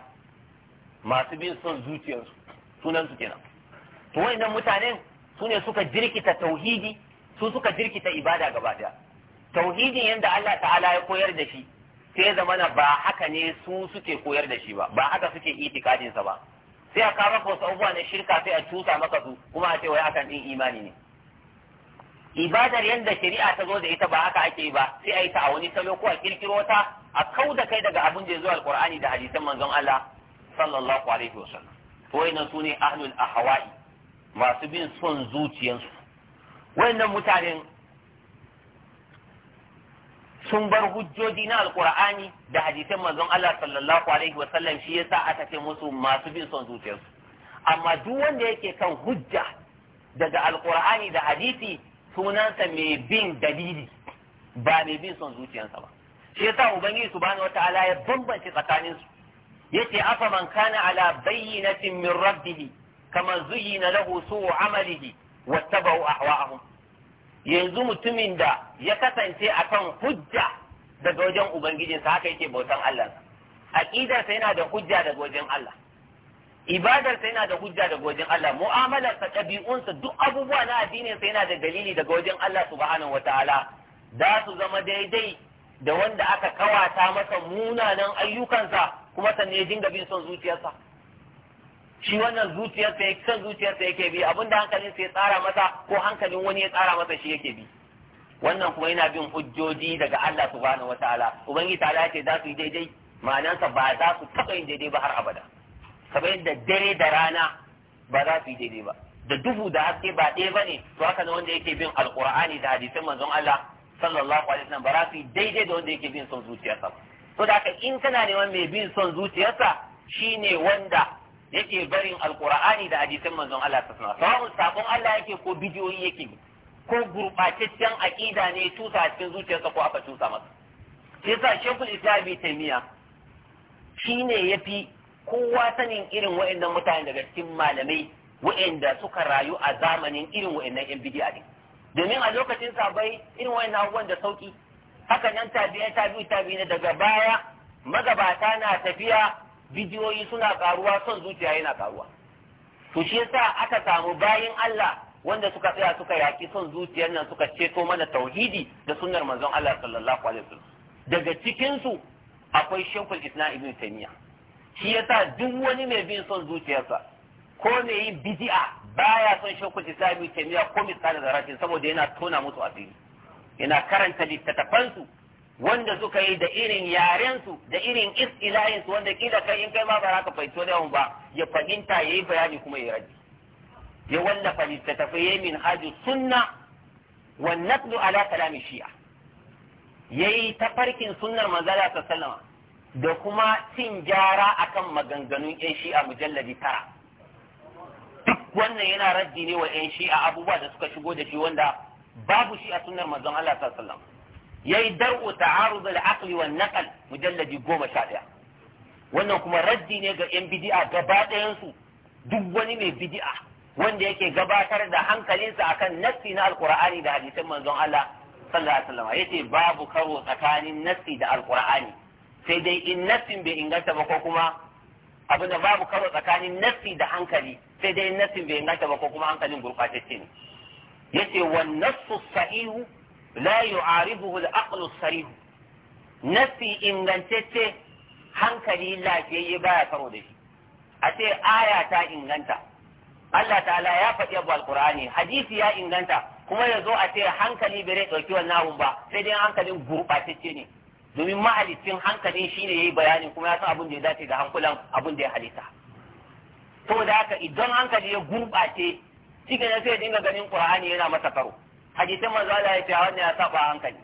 masu bin son zuciyarsu sunan su kenan to wayannan mutanen su ne suka jirkita tauhidi su suka jirkita ibada gaba daya tauhidin yanda Allah ta'ala ya koyar da shi sai zamana ba haka ne su suke koyar da shi ba ba haka suke itikadin sa ba sai a kawo maka wasu abubuwa na shirka sai a cusa maka su kuma a ce wai akan din imani ne ibadar yadda shari'a ta zo da ita ba haka ake yi ba sai a yi ta a wani salo ko a kirkiro ta a kau da kai daga abin da ya zo alqur'ani da hadisan manzon Allah sallallahu alaihi wasallam to wayannan sune ahlul ahwa'i masu bin son zuciyarsu, wayannan mutanen sun bar hujjoji na alkur'ani da hadisan manzon Allah sallallahu alaihi wasallam shi yasa aka ce musu masu bin son zuciyarsu amma duk wanda yake kan hujja daga alkur'ani da hadisi sunansa mai bin dalili ba mai bin son zuciyarsa ba shi yasa ubangiji subhanahu wataala ya bambance tsakanin su yace afa man kana ala bayyinatin min rabbih kama zuyyina lahu su'u amalihi wattaba'u ahwa'ahum yanzu mutumin da ya kasance a kan hujja daga wajen ubangijinsa haka yake bautan Allah Aƙidarsa yana da hujja daga wajen Allah ibadarsa yana da hujja daga wajen Allah mu'amalarsa ɗabi'unsa duk abubuwa na addininsa yana da dalili daga wajen Allah subhanahu wataala za su zama daidai da wanda aka kawata masa munanan ayyukansa kuma sannan ya dinga bin son zuciyarsa shi wannan zuciyarsa ya zuciyar zuciyarsa yake bi da hankalin sai tsara masa ko hankalin wani ya tsara masa shi yake bi wannan kuma yana bin hujjoji daga Allah subhanahu wataala ubangiji ta ce za su yi daidai ma'anansa ba za su taɓa yin daidai ba har abada kamar yadda dare da rana ba za su yi daidai ba da duhu da haske ba ɗaya ba ne to haka ne wanda yake bin alkur'ani da hadisin manzon Allah sallallahu alaihi wasallam ba za su yi daidai da wanda yake bin son zuciyarsa to da haka in kana neman mai bin son zuciyarsa shine wanda yake barin alkur'ani da hadisin manzon Allah ta alaihi wasallam sabon Allah yake ko bidiyoyi yake ko gurbataccen aqida ne tusa a cikin zuciyarsa ko aka tusa masa shi yasa shekul bi taymiya shine yafi kowa sanin irin wa'annan mutane daga cikin malamai wa'anda suka rayu a zamanin irin wa'annan yan bidiya din domin a lokacin bai irin wa'annan abubuwan da sauki haka nan tabi'a tabi'u tabi'ina daga baya magabata na tafiya bidiyoyi suna karuwa son zuciya yana karuwa to shi yasa aka samu bayin Allah wanda suka tsaya suka yaki son zuciyar nan suka ceto mana tauhidi da sunnar manzon Allah sallallahu alaihi wasallam daga cikin su akwai Sheikhul Islam Ibn Taymiyyah shi yasa duk wani mai bin son zuciyarsa ko mai yin bid'a baya son Sheikhul Islam Ibn Taymiyyah ko misali da saboda yana tona musu asiri yana karanta littattafansu wanda suka yi da irin yarensu da irin istilahinsu wanda kila kai in kai ma ba ka fahimto da ba ya fahimta ya yi bayani kuma ya raji ya fahimta littattafai ya min hajji sunna wa naqdu ala kalami shi'a yayi tafarkin sunnar manzala ta sallama da kuma cin jara akan maganganun yan shi'a mujalladi tara duk wannan yana raddi ne wa yan shi'a abubuwa da suka shigo da shi wanda babu shi a sunnar manzon Allah sallallahu alaihi yayi dar'u ta'arud al-aqli wan naql mujallad 11 wannan kuma raddi ne ga yan bid'a gaba ɗayan su duk wani mai bid'a wanda yake gabatar da hankalinsa akan nassi na alqur'ani da hadisin manzon Allah sallallahu alaihi wasallam yace babu karo tsakanin nassi da alqur'ani sai dai in nassin bai inganta ba ko kuma abin da babu karo tsakanin nassi da hankali sai dai in nassin bai inganta ba ko kuma hankalin gurbatacce ne yace wan nassu sahihu la yu'aribuhu al-aqlu sarih nafi ingantacce hankali lafiyayye baya karo da shi a ce aya ta inganta Allah ta'ala ya faɗi abu alƙur'ani hadisi ya inganta kuma ya zo a ce hankali bai ɗauki wannan abun ba sai dai hankalin gurɓatacce ne domin mahalicin hankalin shine yi bayani kuma ya san abin da ya dace da hankulan abin da ya halitta to da haka idan hankali ya gurɓace shi ne sai ya dinga ganin ƙur'ani yana masa karo hadisin manzo Allah ya ce a wannan ya saba hankali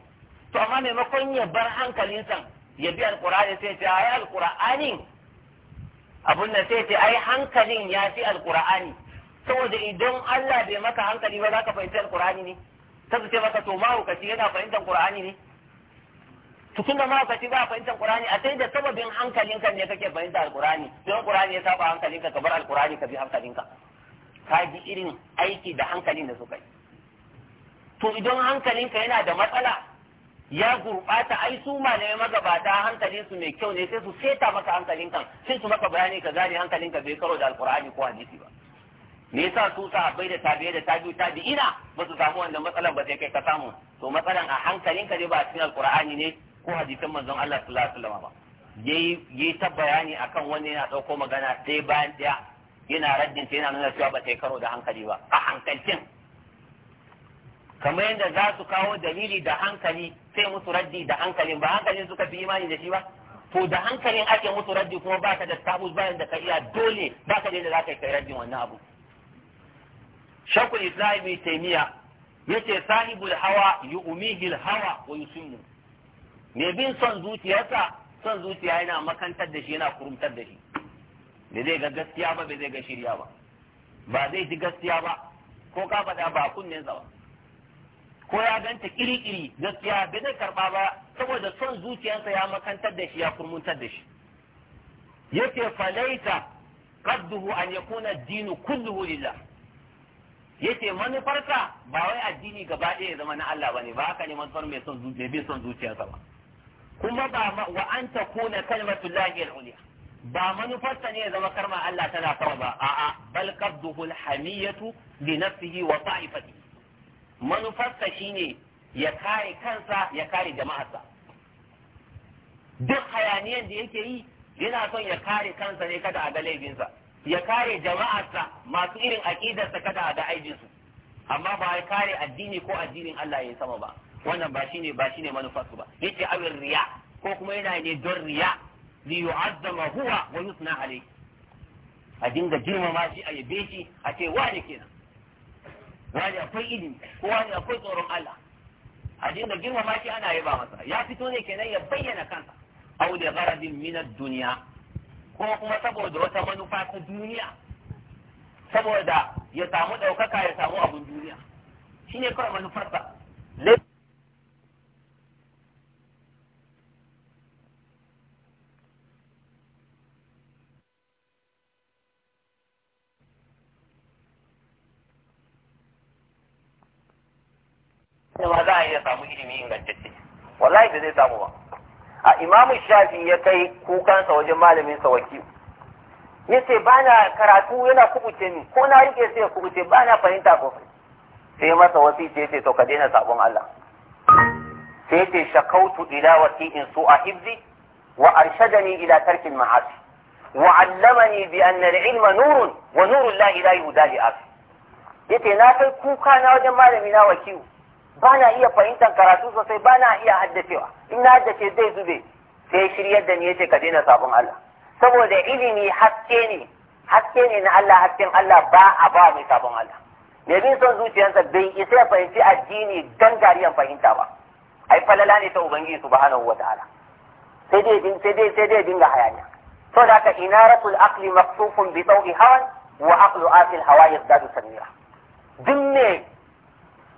to amma maimakon ya bar hankalin san ya bi alqur'ani sai ya ce ai alqur'ani abun nan sai ya ce ai hankalin ya fi alqur'ani saboda idan Allah bai maka hankali ba ka fahimci alqur'ani ne ta ce maka to mahaukaci yana fahimtar qur'ani ne tukun da mahaukaci ba fahimtar qur'ani a sai da sababin kan ne kake fahimtar alqur'ani don qur'ani ya saba hankalinka ka bar alqur'ani ka bi hankalinka ka ji irin aiki da hankalin da suka yi to idan hankalinka yana da matsala ya gurɓata ai su ne magabata su mai kyau ne sai su seta maka hankalinka sai su maka bayani ka gane hankalinka bai karo da alkur'ani ko hadisi ba me yasa su bai da tabi'ai da tabi'u ina ba su samu wannan matsalan ba sai kai ka samu to matsalan a hankalinka ne ba a cikin alkur'ani ne ko hadisan manzon Allah sallallahu alaihi wasallam ba yayi yi ta bayani akan wani yana dauko magana sai bayan ɗaya yana raddin yana nuna cewa ba sai karo da hankali ba a hankalcin kamar yadda za su kawo dalili da hankali sai musu raddi da hankalin ba hankalin suka fi imani da shi ba to da hankalin ake musu raddi kuma ba ka da sabu bayan da ka iya dole ba ka da za ka kai raddin wannan abu shakul islam ibn taymiya yace sahibul hawa yu'mihi hawa wa yusimmu me bin son zuciyarsa son zuciya yana makantar da shi yana kurumtar da shi da zai ga gaskiya ba bai zai ga shirya ba ba zai ji gaskiya ba ko ka faɗa ba kunnen ba ko ya ganta kiri-kiri gaskiya bai zai karba ba saboda son zuciyarsa ya makantar da shi ya kurmuntar da shi yace falaita qadduhu an yakuna ad kulluhu lillah yace manufarsa ba wai addini gaba ɗaya ya zama na Allah bane ba haka ne manufar mai son zuciya bai son zuciyarsa ba kuma ba wa an kuna kalmatullahi al ba manufarsa ne ya zama karma Allah tana sama ba a'a bal qadduhu al-hamiyatu li nafsihi wa ta'ifatihi manufarsa shine ya kare kansa ya kare jama'arsa duk hayaniyan da yake yi yana son ya kare kansa ne kada a ga laifinsa ya kare jama'arsa masu irin aƙidarsa kada a ga aibinsu amma ba ya kare addini ko addinin Allah ya sama ba wannan ba shine ba shine manufarsu ba yake awin riya ko kuma yana ne don riya li yu'azzama huwa wa yusna alayhi a dinga girmama shi a yabe shi a ce wani kenan wani akwai ilimi ko wani akwai tsoron Allah a dinga girmama shi ana yaba masa ya fito ne kenan ya bayyana kansa au da gharadin min duniya ko kuma saboda wata manufa ta duniya saboda ya samu ɗaukaka ya samu abun duniya shine kawai manufarsa cewa za a iya samu ilimi ingantacce wallahi da zai samu ba a imamu shafi ya kai kukansa wajen malamin sa wakilu ya ce ba na karatu yana kubuce ni ko na rike sai ya kubuce ba na fahimta ko sai masa wasi ce ce to ka daina sabon Allah sai ce shakautu ila wasi'in su a hibzi wa arshadani ila tarkin ma'asi wa allamani bi anna al-ilma nurun wa nurun la ilaha illa hu yace na kai kuka na wajen malami na wakilu ba na iya fahimtar karatu sosai ba na iya haddacewa in na haddace zai zube sai shiryar da ni yace ka daina sabon Allah saboda ilimi haske ne haske ne na Allah hasken Allah ba a ba mai sabon Allah me bin son zuciyarsa bai isa ya fahimci addini gangariyan fahimta ba ai falala ne ta ubangiji subhanahu wataala sai dai sai dai sai dai dinga hayaniya saboda haka inaratul aqli maqsufun bi dawi hawan wa aqlu asil hawa yazdadu samira duk ne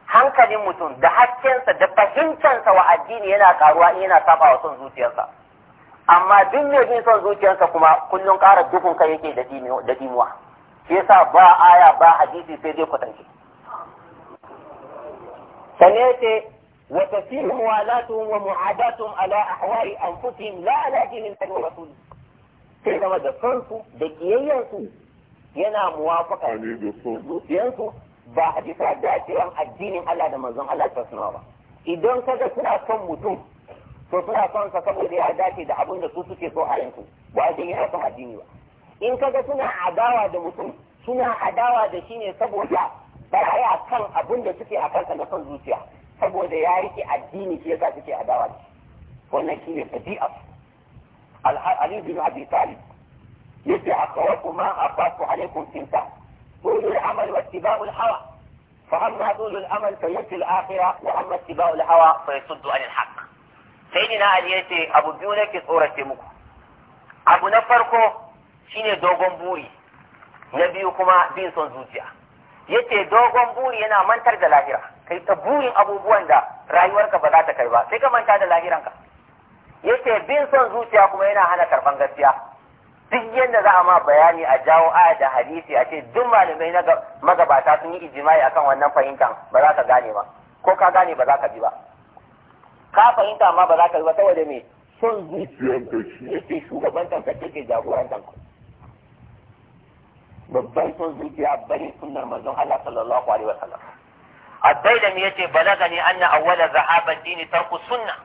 hankalin mutum da haskensa da fahimtansa wa addini yana karuwa in yana saba wa son zuciyarsa amma duk mai bin son zuciyarsa kuma kullum ƙara dukun kai yake da dimuwa shi yasa ba aya ba hadisi sai dai kwatance sane ce wa tasihu muwalatuhum wa mu'adatuhum ala ahwa'i anfusihim la ala dinin wa rasul sai da sonsu da kiyayyansu yana muwafaka ne da son zuciyarsu ba a bisa dacewan addinin Allah da manzon Allah ta suna ba idan kaga suna son mutum to suna son sa saboda ya dace da abin da su suke so a yanku ba a yana son addini ba in kaga suna adawa da mutum suna adawa da shi ne saboda ba ya kan abin da suke a kansa na son zuciya saboda ya rike addini shi yasa suke adawa da wannan shi ne tabi'a al-ali bin abi talib yace akawatu ma afaku alaikum tinta طول العمل واتباع الهوى فأما طول الأمل فيأتي الآخرة وأما اتباع الهوى فيصد عن الحق سيدنا علي yace abu biyu nake tsorace muku abu na farko shine dogon buri na biyu kuma bin son zuciya yace dogon buri yana mantar da lahira kai ta burin abubuwan da rayuwarka ba za ta kai ba sai ka manta da lahiranka yace bin son zuciya kuma yana hana karban gaskiya duk yadda za a ma bayani a jawo aya da hadisi a ce duk malamai na magabata sun yi ijimai akan wannan fahimtar ba za ka gane ba ko ka gane ba za ka bi ba ka fahimta ma ba za ka bi ba saboda me son zuciyarka shi shugaban kanka ka take jagoran kanka babban son zuciya bari sunnar manzon Allah sallallahu alaihi wasallam addai da me yace balagani anna awwala zahabat dini tarku sunnah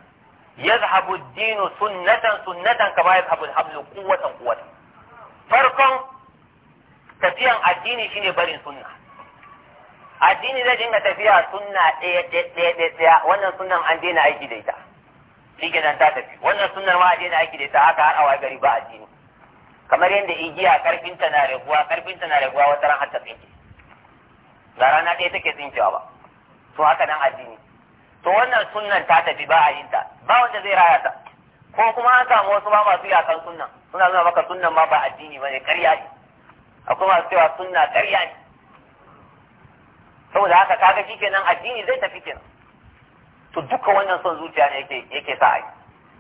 yadhhabu ad-dinu sunnatan sunnatan kama yadhhabu al-hablu quwwatan quwwatan farkon tafiyan addini shine barin sunna addini zai dinga tafiya sunna ɗaya ɗaya ɗaya wannan sunnan an daina aiki da ita kenan ta tafi wannan sunnar ma a daina aiki da ita haka har awa gari ba addini kamar yadda igiya karfin ta na raguwa karfin na raguwa wata ran har ta ɗaya take tsinkewa ba to haka nan addini to wannan sunnan ta tafi ba a yin ta ba wanda zai raya ta ko kuma an samu wasu ba masu yakan sunnan suna nuna maka sunnan ma ba addini ba ne karya ne akwai masu cewa sunna karya ne saboda haka kaga shi kenan addini zai tafi kenan to duka wannan son zuciya ne yake yake sa ai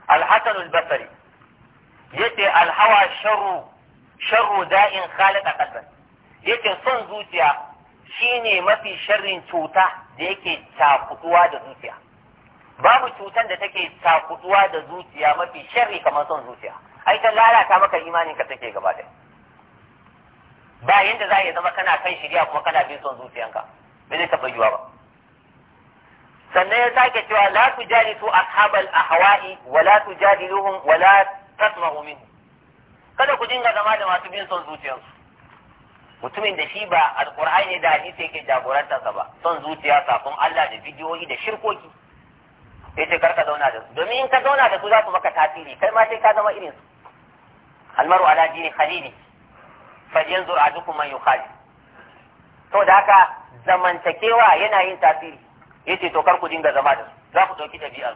al-hasan al-basri yace al-hawa sharru sharru da'in khaliqa qalban yace son zuciya shine mafi sharrin cuta da yake cakuduwa da zuciya babu cutar da take cakuduwa da zuciya mafi sharri kamar son zuciya ai ta lalata maka imanin ka take gaba da ba yanda za ya zama kana kan shirya kuma kana bin son zuciyanka bai zai taɓa yiwa ba sannan ya sake cewa la jalisu ashabal ahwa'i wa la jadiluhum wa la tasma'u minhum kada ku dinga zama da masu bin son zuciyarsu mutumin da shi ba alkur'ani da hadisi yake jagorantarsa ba son zuciya kafin Allah da bidiyoyi da shirkoki sai ce karka zauna da su domin in ka zauna da su za su maka tasiri kai ma sai ka zama irin su almaru ala dini khalili yanzur ahadukum man yukhali to da haka zamantakewa yana yin tasiri yace to kar ku dinga zama da su za ku dauki dabi'ar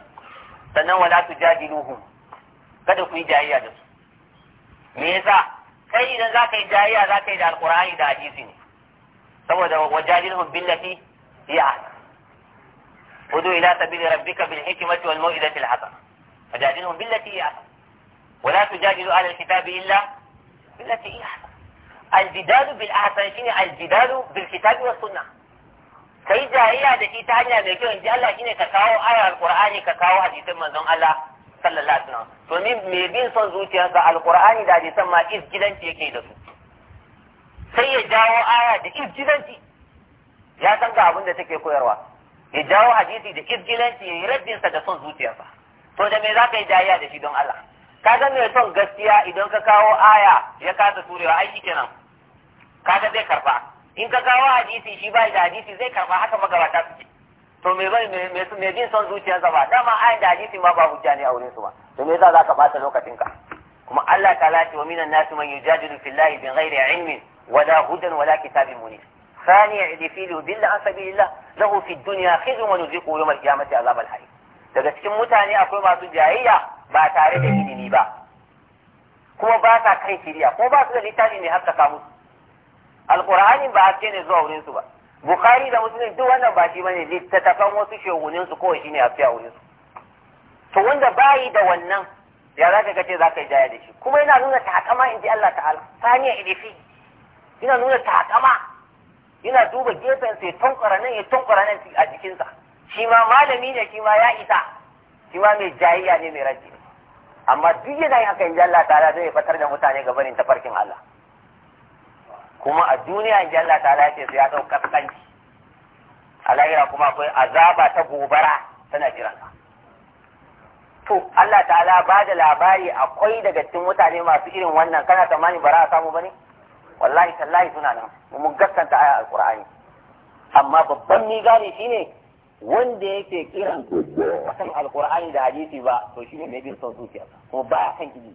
sannan wala tujadiluhum kada ku yi jayayya da su me yasa sai idan za ka yi jayya za ka yi da alkur'ani da hadisi ne saboda wajadilhum billati ya hudu ila sabili rabbika bil hikmati wal mau'izati al hasana wajadilhum billati ya ولا تجادل اهل الكتاب الا بالتي هي احسن الجدال بالاحسن شنو الجدال بالكتاب والسنه kai jayayya da shi ta hanya mai kyau in ji Allah shine ka kawo ayar Qur'ani ka kawo hadisin manzon Allah sallallahu alaihi wasallam me bin son zuciyarsa alqur'ani da hadisan ma take koyarwa ya jawo hadisi da izgilanci da son zuciyarsa yi jayya da shi don Allah ka ga son in ka kawo hadisi shi ba da hadisi zai karba haka magabata suke to me zai me me jin son zuciya zama dama ayin da hadisi ma ba hujja ne a wurin su ba to me yasa zaka bata lokacin ka kuma Allah ta lati wa minan nasu man yujadilu fillahi bi ghairi ilmin wala hudan wala kitabin munir ثاني اعتفيله بالله عن سبيل الله له في الدنيا خزي ونذيقه يوم القيامة عذاب الحريق daga cikin mutane akwai masu jayayya ba tare da ilimi ba kuma ba sa kai shiriya kuma ba su da littafi mai haskaka musu alqur'ani ba haske ne zuwa wurin su ba bukhari da muslim duk wannan ba shi bane littattafan wasu shegunin su shi shine a fiya wurin su to wanda bayi da wannan ya ka gace za ka yi jaya da shi kuma yana nuna takama in ji Allah ta'ala saniya idifi yana nuna takama yana duba gefen sai tunkara nan ya tunkara nan a jikinsa shi ma malami ne shi ma ya isa shi ma mai jayayya ne mai rajin amma duk yana yin haka in ji Allah ta'ala zai fatar da mutane gabanin tafarkin Allah kuma a duniya in Allah ta lafiya sai ya dauka kaskanci a lahira kuma akwai azaba ta gobara tana jiran to Allah ta'ala ba da labari akwai daga cikin mutane masu irin wannan kana tsammani bara a samu bane wallahi tallahi suna nan mun gaskanta aya alqur'ani amma babban migani shine wanda yake kiran san alqur'ani da hadisi ba to shine mai bin son zuciya kuma ba kan kiji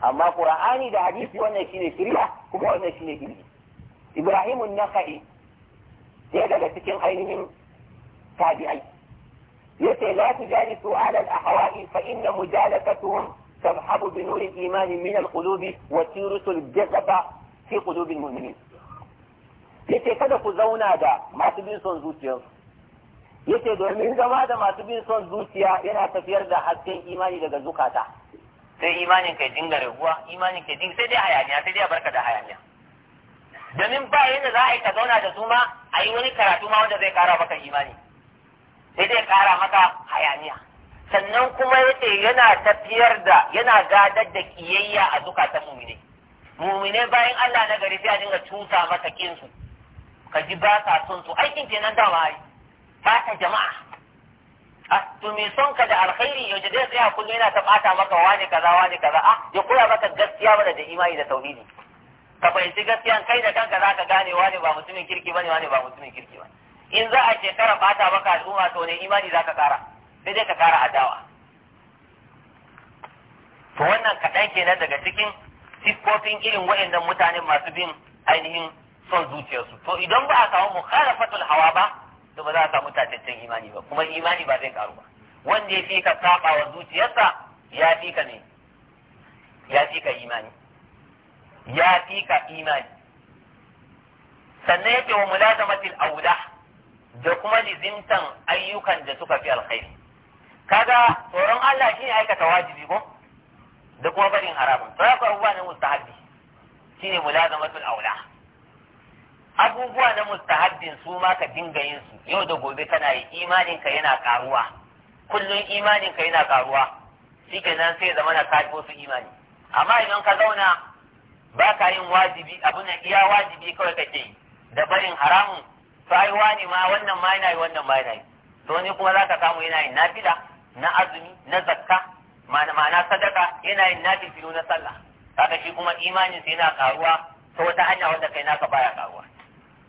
amma qur'ani da hadisi wannan shine shari'a kuma wannan shine ilimi ibrahimu an-nakhai sai daga cikin ainihin tabi'ai yace la tujalisu ala al-ahwa'i fa inna mujalasatuhum min al الإيمان من القلوب jazaba fi qulubi al-mu'minin yace kada ku zauna da masu bin son zuciya yace domin zama da masu bin son zuciya yana tafiyar da hasken imani daga zukata sai imanin ka dinga raguwa imanin ka dinga sai dai hayaniya sai dai barka da hayaniya domin ba da za a yi ka zauna da su ma a yi wani karatu ma wanda zai kara maka imani sai dai kara maka hayaniya sannan kuma yace yana tafiyar da yana gadar da kiyayya a zukatan mumine mumine bayan Allah na gari sai a dinga tusa masa kinsu ka ji ba ka son su aikin kenan dama ai ba ta jama'a to me son ka da alkhairi yaje sai tsaya kullum yana ta bata maka wani kaza wani kaza A ya koya maka gaskiya bada da imani da tauhidi ka fahimci gaskiya kai da kanka zaka gane wani ba mutumin kirki bane wani ba mutumin kirki bane in za a shekara bata maka al'umma to ne imani zaka kara sai dai ka kara adawa to wannan kaɗan kenan daga cikin siffofin irin waɗannan mutanen masu bin ainihin son zuciyarsu to idan ba a samu mukhalafatul hawa ba to ba za a samu tataccen imani ba kuma imani ba zai karu ba wanda ya fi ka saba wa zuciyarsa ya fi ka ne ya fi ka imani ya fi ka imani sannan yake wa mulazamatil aula da kuma lizimtan ayyukan da suka fi alkhairi kaga tsoron Allah shine aikata wajibi ko da kuma barin haramun to ya karu ba ne mustahabi shine mulazamatul aula abubuwa na mustahabbin su ma ka dinga yin su yau da gobe kana yi imanin ka yana karuwa kullun imanin ka yana karuwa shikenan sai zama na kafi su imani amma idan ka zauna ba ka yin wajibi abu na iya wajibi kawai kake yi da barin haramun to ai wani ma wannan ma yana yi wannan ma yana yi to ni kuma za ka samu yana yin nafila na azumi na zakka ma'ana sadaka yana yin nafilu na sallah kaga shi kuma imanin sa yana karuwa ta wata hanya wanda kai naka baya karuwa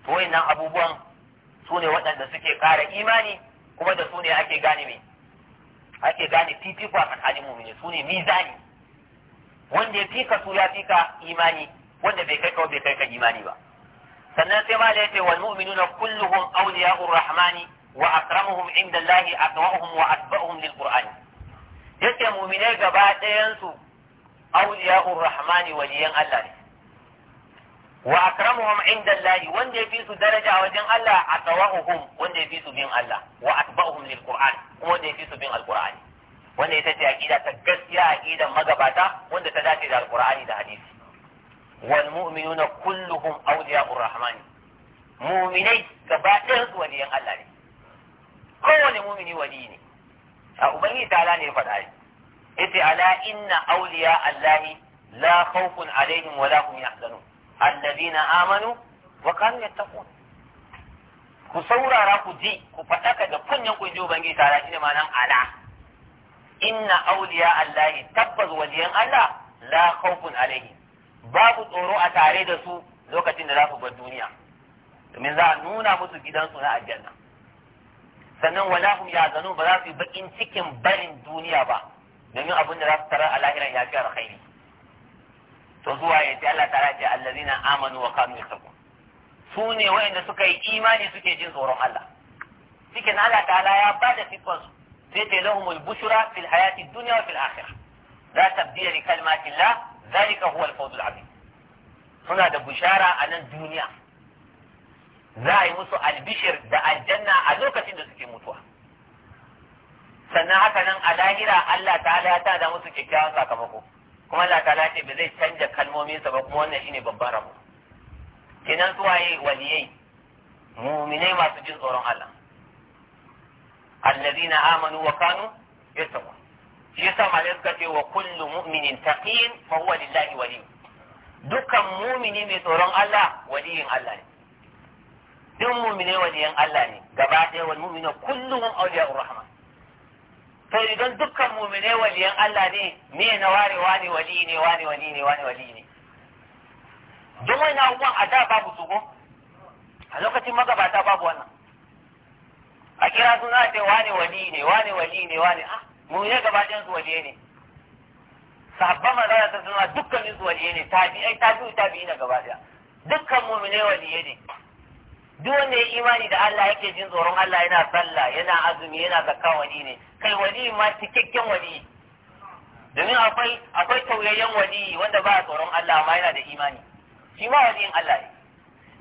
to wayannan abubuwan su ne waɗanda suke ƙara imani kuma da su ne ake gane me ake gane fifiko a tsakanin mu'mini su ne mizani wanda ya fika su ya fika imani wanda bai kai ka bai kai ka imani ba sannan sai ma da yace wal mu'minuna kulluhum awliya'ur rahmani wa akramuhum inda Allah aqwahum wa asbahum lil qur'an yace mu'minai gaba ɗayan su awliya'ur rahmani waliyan Allah ne wa akramuhum inda Allah wanda ya fi su daraja wajen Allah a tawahuhum wanda ya fi su bin Allah wa atba'uhum lil Qur'an kuma wanda ya fi su bin Al-Qur'ani wanda ita ce aqida ta gaskiya aqidan magabata wanda ta dace da Al-Qur'ani da hadisi wal mu'minuna kulluhum awliya'ur rahman mu'minai gaba ɗayan su waliyan Allah ne kowane mu'mini wali ne a ubangiji ta ne ya faɗa yace ala inna awliya Allah la khawfun alaihim wa la hum yahzanun na amanu wa kanu ku saurara ku ji ku faɗaka da kunyan ku ji ubangiji tare shi ne ma'anan ala inna awliya allahi tabbas waliyan allah la khawfun alaihi babu tsoro a tare da su lokacin da za su bar duniya domin za a nuna musu gidansu na aljanna sannan wala hum yazanu ba za su yi bakin cikin barin duniya ba domin abin da za su tarar a lahiran ya fi alkhairi to zuwa ya ce Allah ta'ala ce allazina amanu wa kanu yattaqun su ne wayanda suka yi imani suke jin tsoron Allah cikin Allah ta'ala ya bada sifar su sai ta lahumul bushra fil hayati dunya wa fil akhirah la tabdila li kalimatillah zalika huwa al-fawz azim suna da bushara a nan duniya za a yi musu albishir da aljanna a lokacin da suke mutuwa sannan haka nan a lahira Allah ta'ala ya tada musu kyakkyawan sakamako kuma Allah ta ce ba zai canja kalmominsa ba kuma wannan shine babban rabo kenan waye waliyai mu'minai masu jin tsoron Allah allazina amanu wa kanu yattaqun shi yasa malai suka ce wa kullu mu'minin taqin fa huwa lillahi wali dukkan mu'mini mai tsoron Allah waliyin Allah ne duk mu'mine waliyan Allah ne gaba ɗaya wal mu'minu kulluhum awliya'ur rahman to idan dukkan mumine waliyan Allah ne me na ware wani wali ne wani wali ne wani wali ne don wani abubuwan a da babu su ko a lokacin magabata babu wannan a kira suna ce wani wali ne wani wali ne wani ah mumine gabaɗayan su waliye ne sahabban manzara ta suna dukkanin su waliye ne tabi'ai tabi'u tabi'i na gabaɗaya dukkan mumine waliye ne duk wanda ya imani da Allah yake jin tsoron Allah yana sallah yana azumi yana zakka wani ne kai wani ma cikakken wani domin akwai akwai tauyayyen wani wanda ba tsoron Allah amma yana da imani shi ma waliyin Allah ne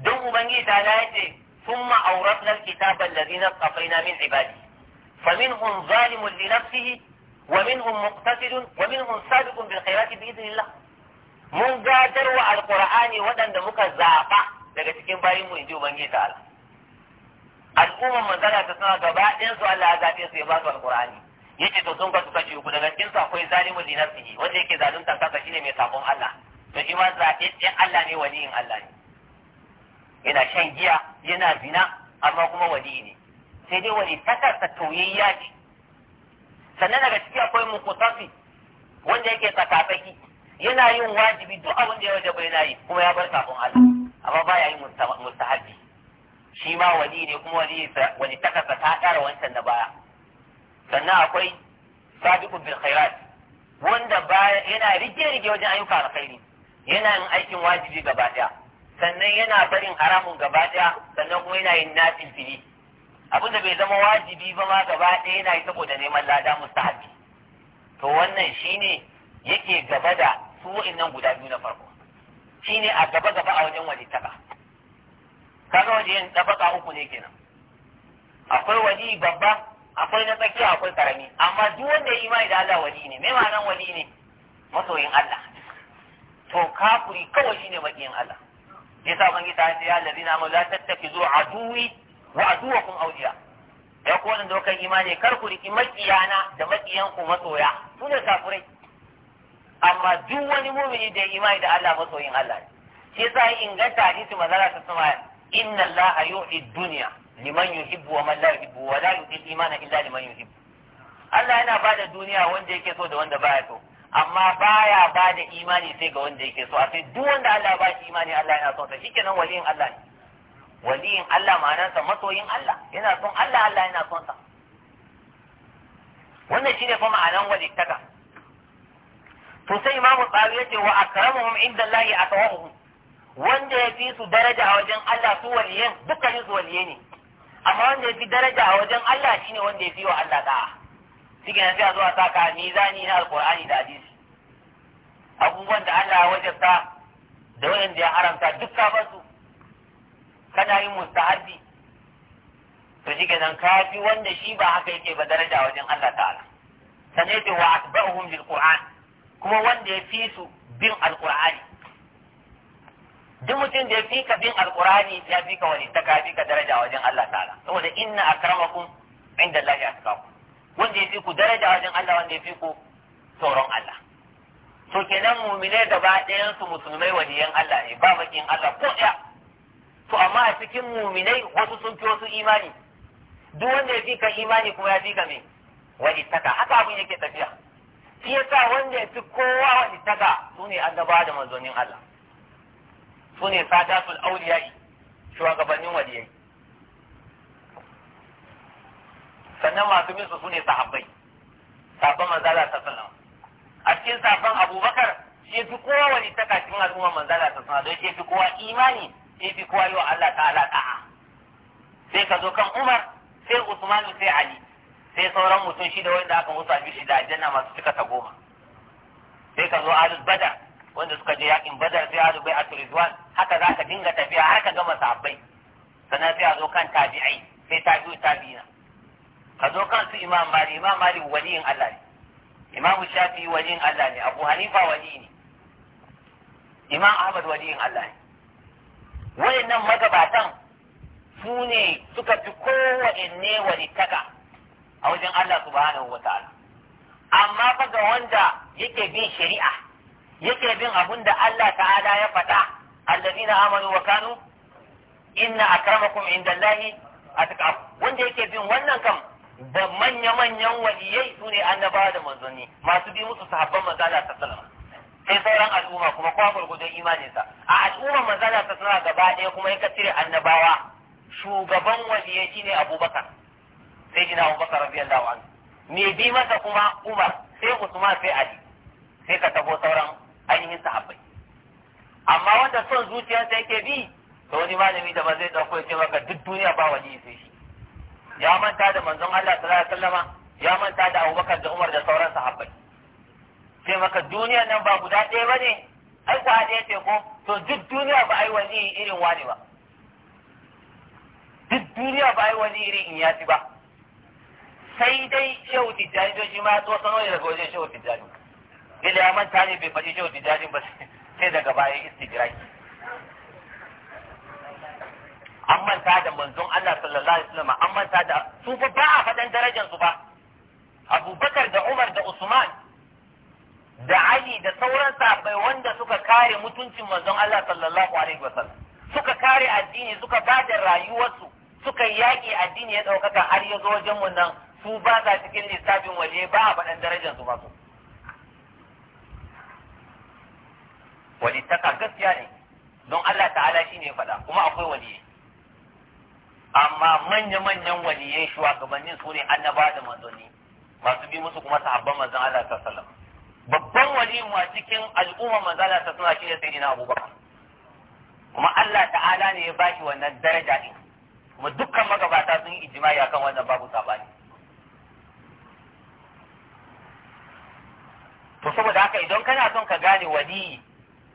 don ubangiji ta ya ce ثم أورثنا الكتاب الذين اصطفينا من عباده فمنهم ظالم لنفسه ومنهم مقتصد ومنهم سابق بالخيرات بإذن الله mun gadarwa alkur'ani waɗanda muka zaɓa daga cikin bayin mu inji ubangiji ta al'umma mun zana ta sama gaba ɗayan su Allah ya zaɓe su ya ba su al'ƙurani. yace to sun kasu kashi uku daga cikin su akwai zalimul li nafsihi wanda yake zalunta kansa shine mai sakon Allah to shi ma zaɓe ɗin Allah ne waliyin Allah ne yana shan giya yana zina amma kuma wali ne sai dai wani takarsa tauyayya ce sannan daga ciki akwai mukutafi wanda yake tsakatsaki yana yin wajibi duk abin da ya waje bai na yi kuma ya bar sakon Allah amma baya yin mustahabbi shi ma wani ne kuma wani wani takasa ta kara wancan da baya sannan akwai sabiqu bil khairat wanda baya yana rige rige wajen ayyuka alkhairi yana yin aikin wajibi gaba daya sannan yana barin haramun gaba daya sannan kuma yana yin nafil fili abin da bai zama wajibi ba ma gaba daya yana yi saboda neman lada mustahabbi to wannan shine yake gaba da su nan guda biyu na farko shine a gaba gaba a wajen waje taba kaga waje yin tabaka uku ne kenan akwai waje babba akwai na tsakiya akwai karami amma duk wanda ya imani da Allah wali ne me ma'anan wali ne masoyin Allah to kafuri kawai shine makiyin Allah sa bangi ta ce ya allazina ta la tattakizu aduwi wa aduwakum awliya ya ko wanda kai imani kar ku riki makiyana da makiyanku ku masoya su ne kafurai amma duk wani mumini da imani da Allah masoyin Allah ne shi yasa inganta hadisi manzara ta sama inna Allah yu'i duniya. liman yuhibbu wa man la yuhibbu wa la yu'ti imana illa liman yuhibbu Allah yana ba da duniya wanda yake so da wanda baya so amma baya da imani sai ga wanda yake so a sai duk wanda Allah ba shi imani Allah yana son sa shikenan waliyin Allah ne waliyin Allah ma'anarsa masoyin Allah yana son Allah Allah yana son sa wannan shine fa ma'anan walittaka to sai imamu tsari yace wa akramuhum inda Allahi atawahum wanda ya fi su daraja a wajen Allah su waliyan dukkanin su waliye ne amma wanda ya fi daraja a wajen Allah shine wanda ya fi wa Allah da'a cikin yanzu ya zo a saka mizani na alkur'ani da hadisi abubuwan da Allah ta da da ya haramta duk ka basu kana yin mustahabbi to shi kenan ka fi wanda shi ba haka yake ba daraja a wajen Allah ta'ala sanai wa atba'uhum bil qur'an kuma wanda ya fi su bin alkur'ani duk mutum da ya fi ka bin alkur'ani ya fi ka wani ta fi ka daraja wajen Allah ta'ala saboda inna akramakum inda Allah ya saka wanda ya fi ku daraja wajen Allah wanda ya fi ku tsoron Allah to kenan mu'minai gaba ɗayan su musulmai waliyan Allah ne ba bakin Allah ko ɗaya to amma a cikin mu'minai wasu sun fi wasu imani duk wanda ya fi ka imani kuma ya fi ka me wani taka haka abin yake tafiya shi yasa wanda ya fi kowa wani taga su ne gaba da manzonin Allah su ne sadatul auliyai shugabannin waliyai sannan masu bin su su ne sahabbai sabon manzala ta sallama a cikin sabon abubakar shi ya fi kowa wani taga cikin al'ummar manzala ta sallama don shi ya fi kowa imani ya fi kowa yi wa Allah ta'ala ta'a sai ka zo kan Umar sai Usman sai Ali sai sauran mutum shi da wanda aka musu albishi da aljanna masu cika ta goma sai ka zo alul badar wanda suka je yakin badar sai alul bai atul rizwan haka za ka dinga tafiya har ka gama sahabbai sannan sai a zo kan tabi'ai sai tabi'u tabi'ina ka zo kan su imam mali imam mali waliyin Allah ne imam shafi waliyin Allah ne abu hanifa wali ne imam ahmad waliyin Allah ne wayannan magabatan su ne suka fi kowanne walittaka a wajen Allah subhanahu ta'ala amma fa ga wanda yake bin shari'a yake bin abin da Allah ta'ala ya faɗa allazina amanu wa kanu inna akramakum indallahi atqakum wanda yake bin wannan kam da manya-manyan waliyai su ne annabawa da manzanni masu bi musu sahabban manzala ta salama sai sauran al'umma kuma kwa imanin imaninsa a al'umma manzala ta salama gaba ɗaya kuma ya kasire annabawa shugaban waliyai shine abubakar sai jina Abu Bakar radiyallahu anhu me bi masa kuma Umar sai Usman sai Ali sai ka tabo sauran ainihin sahabbai amma wanda son zuciyarsa yake bi to wani malami da ba zai dauko ya ce maka duk duniya ba wani sai shi ya manta da manzon Allah sallallahu alaihi wasallama ya manta da Abubakar da Umar da sauran sahabbai sai maka duniya nan ba guda ɗaya bane ai ku haɗe ce ko to duk duniya ba ai wani irin wani ba duk duniya ba ai wani irin in yasi ba sai dai shehu tijjani don shi ma ya tsotano ne daga wajen shehu tijjani ila ya manta ne bai faɗi shehu tijjani ba sai daga baya istigirai an manta da manzon Allah sallallahu alaihi wasallam an manta da su fa ba a faɗan darajar su ba Abubakar da Umar da Usman da Ali da sauran sahabbai wanda suka kare mutuncin manzon Allah sallallahu alaihi wasallam suka kare addini suka ba da rayuwarsu suka yaƙi addini ya ɗaukaka har ya zo wajen mu nan su ba sa cikin lissafin waje ba a faɗin darajar su ba su walittaka gaskiya ne don Allah ta'ala shi ne faɗa kuma akwai waliyai amma manya-manyan waliyai shugabannin su ne annaba da manzanni masu bi musu kuma sahabban manzan Allah ta sallam babban waliyin wa cikin al'umma manzan Allah ta suna shi ne sai abubakar kuma Allah ta'ala ne ya ba shi wannan daraja ne, kuma dukkan magabata sun yi ijimai akan wannan babu sabani to saboda haka idan kana son ka gane waliyi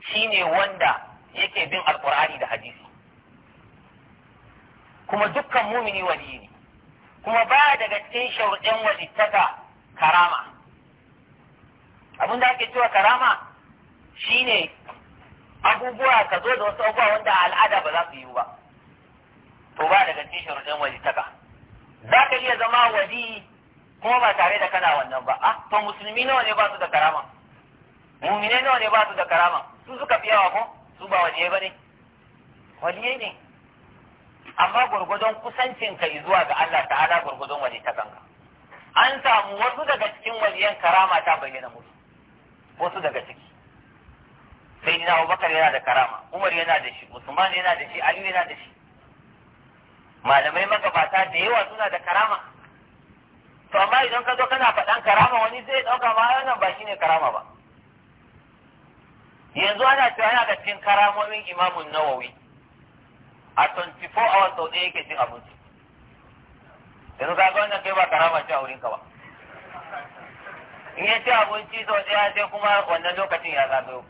shine wanda yake bin alqur'ani da hadisi kuma dukkan mumini waliyi ne kuma ba daga cikin sharuɗin taka karama abinda da ake cewa karama shine abubuwa ka zo da wasu abubuwa wanda al'ada ba za su yi ba to ba daga cikin sharuɗin taka za ka iya zama wali Kuma ba tare da kana wannan ba ah to musulmi nawa ne ba su da karama mu'mine nawa ne ba su da karama su suka fi yawa ko su ba waliyai ba ne waliyai ne amma gurgudun kusancin ka zuwa ga Allah ta'ala gurgudun wali ta kanka an samu wasu daga cikin waliyan karama ta bayyana musu wasu daga ciki sai na Abubakar yana da karama Umar yana da shi Usman yana da shi Ali yana da shi malamai magabata da yawa suna da karama to amma idan ka zo kana faɗan karama wani zai ɗauka ma wannan ba shine karama ba yanzu ana cewa yana da cikin karamomin imamun nawawi a 24 hours sau ɗaya yake cin abinci yanzu ka ga wannan kai ba karama ce a wurin ka ba in ya ci abinci sau ɗaya sai kuma wannan lokacin ya zagayo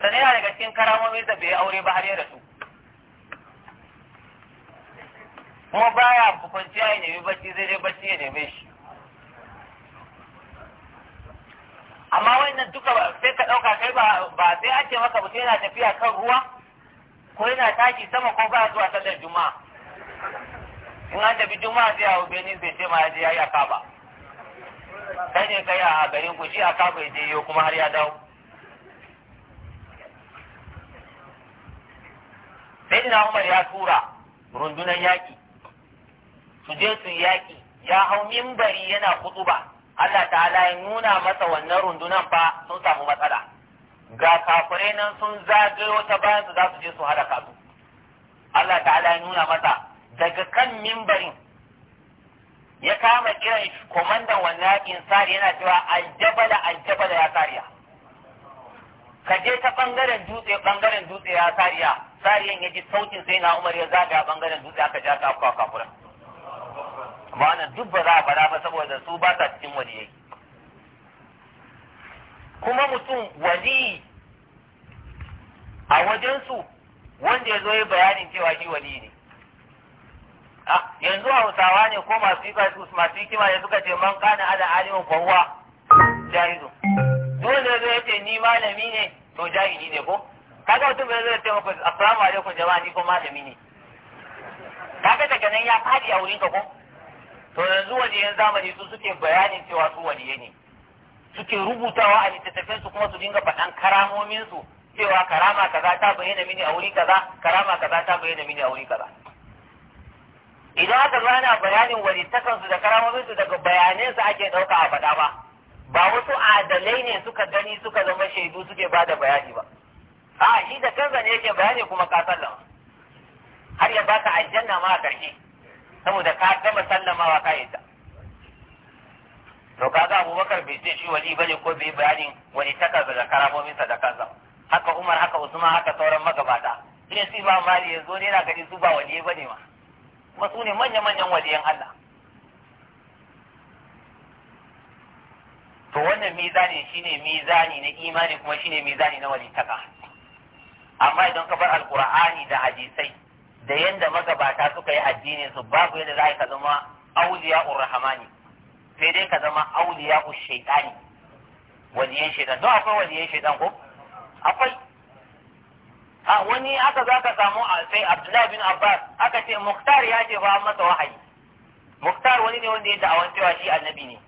sannan yana daga cikin karamomin sa bai aure ba har ya rasu kuma baya kwanciya ya nemi bacci zai dai bacci ya neme shi amma wannan duka sai ka ɗauka kai ba sai ake maka mutum yana tafiya kan ruwa ko yana taki sama ko ba zuwa sallar juma'a in an tafi juma'a sai a benin bai ce ma ya je ya yi akaba kai ne kai a garin ku shi akaba ya je yau kuma har ya dawo sai na umar ya tura rundunar yaƙi su je su yaƙi ya hau mimbari yana ba Allah ta'ala ya nuna masa wannan rundunan ba sun samu matsala ga kafirai nan sun zage wata bayan su za su je su halaka su Allah ta'ala ya nuna masa daga kan mimbarin ya kama kiran komandan wannan insari yana cewa aljabala aljabala ya sariya ka je ta bangaren dutse bangaren dutse ya sariya sariyan ya ji sautin sai na umar ya zaga bangaren dutse aka ja ta akwa kafuran ma'ana duk ba za a faɗa ba saboda su ba sa cikin waliyai kuma mutum wali a wajensu wanda ya zo yi bayanin cewa shi wali ne yanzu hausawa ne ko masu yi su masu hikima ne suka ce man kana ala alimin kwanwa jahilu dole zai ce ni malami ne to jahili ne ko kaga mutum bai zai ce maka assalamu alaikum jama'a ni ko malami ne kaga daga nan ya fadi a wurin ka ko to yanzu waliyan zamani su suke bayanin cewa su wani ne suke rubutawa a littattafin su kuma su dinga faɗan karamomin su cewa karama kaza ta bayyana mini a wuri kaza karama kaza ta bayyana mini a wuri kaza idan aka zo ana bayanin takan su da karamomin su daga bayanan su ake ɗauka a faɗa ba ba wasu adalai ne suka gani suka zama shaidu suke ba da bayani ba a shi da kansa ne yake bayani kuma ka sallama har ya baka aljanna ma a ƙarshe saboda ka gama sallamawa ka yadda to ga abubakar bai ce shi wali bane ko bai bayanin wani takar da karamomin sadakansa haka umar haka usman haka sauran magabata Ina si ba mali yanzu ne na gani su ba wali bane ma kuma su ne manya manyan waliyan Allah to wannan mizani shine mizani na imani kuma shine mizani na walitaka amma idan ka bar Alƙur'ani da hadisai da yadda magabata suka yi addinin su babu yadda za ka zama auliya urrahmani sai dai ka zama auliya ushaitani waliyan shaitan don akwai waliyan shaitan ko akwai a wani aka za ka samu sai abdullahi bin abbas aka ce muktar ya ce ba masa wahayi muktar wani ne wanda ya da'awan cewa shi annabi ne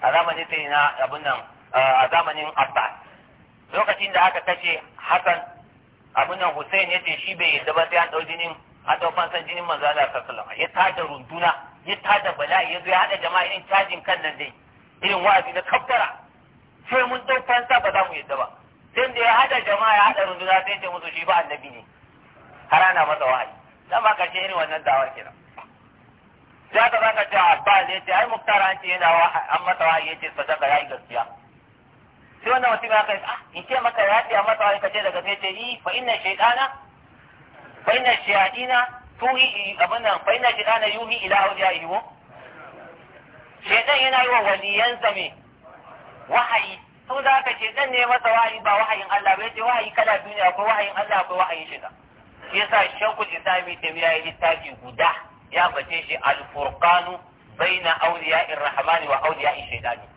a zamanin sai na abin nan a zamanin abbas lokacin da aka kashe hassan abin nan Hussein ya ce shi bai yadda ba sai an ɗau jinin an ɗau fansan jinin manzo Allah sallallahu alaihi ya tada runduna ya tada bala'i ya zo ya hada jama'a irin cajin kan nan dai irin wa'azi na kaftara sai mun ɗau fansa ba za mu yadda ba sai da ya hada jama'a ya hada runduna sai ce musu shi ba annabi ne har ana masa wa'azi dan ba kashe irin wannan dawa kenan za ka zaka ce ba ya ce ai Muktar an ce yana an masa wa'azi ya ce sadaka ya yi gaskiya sai wannan mutum ya kai ah in ce maka ya ce masa wani kace daga sai ce yi fa inna shaytana fa inna shayatina tuhi abin nan fa inna shaytana yuhi ila shaytan yana yi wa waliyan me wahayi to da ka shaytan ne masa wahayi ba wahayin Allah ba yace wahayi kala duniya akwai wahayin Allah akwai wahayin shaytan shi yasa shakul islami tabiya ya littafi guda ya bace shi al baina awliya'ir rahmani wa awliya'ish shaytani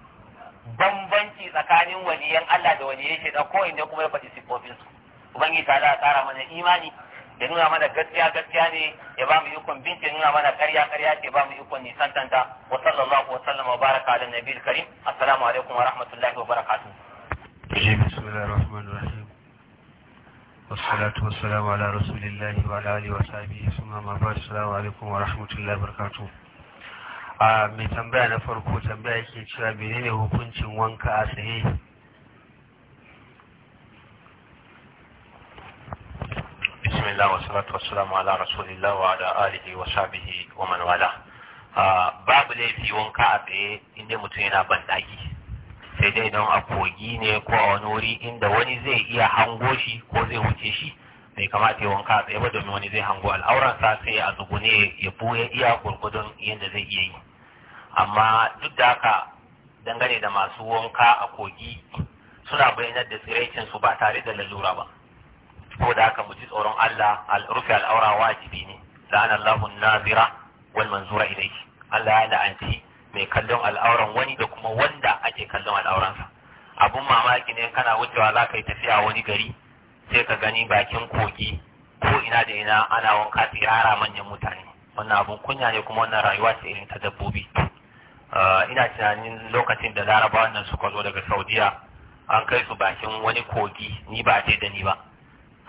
bambanci tsakanin waliyan Allah da waliyan shi da ko ne kuma ya faɗi siffofin su ubangiji ta da tsara mana imani ya nuna mana gaskiya gaskiya ne ya ba mu ikon binci nuna mana karya karya ce ba mu ikon nisan tanta wa sallallahu wa sallama wa baraka ala nabiyil karim assalamu alaikum wa rahmatullahi wa barakatuh bismillahir rahmanir rahim والصلاة wa على رسول الله وعلى آله وصحبه ثم ما بعد السلام عليكم ورحمة الله a mai tambaya na farko tambaya yake cewa menene hukuncin wanka a tsaye bismillah wa salatu wassalamu ala rasulillah wa ala alihi wa sahbihi wa man wala babu laifi wanka a tsaye inda mutum yana bandaki sai dai don a kogi ne ko a wani wuri inda wani zai iya hango shi ko zai wuce shi bai kamata ya wanka a tsaye ba domin wani zai hango al'auransa sai a tsugune ya buya iya gurgudun yadda zai iya yi amma duk da haka dangane da masu wanka a kogi suna bayyanar da tsiraicin su ba tare da lalura ba ko da haka mu ji tsoron Allah rufe al'aura wajibi ne la'ana Allahu nazira wal manzura ilayhi Allah ya la'anci mai kallon al'auran wani da kuma wanda ake kallon al'auransa abun mamaki ne kana wucewa za ka yi tafiya wani gari sai ka gani bakin kogi ko ina da ina ana wanka tsirara manyan mutane wannan abun kunya ne kuma wannan rayuwa ce irin ta dabbobi Ah, ina tunanin lokacin da larabawan nan suka zo daga saudiya an kai su bakin wani kogi ni ba je da ni ba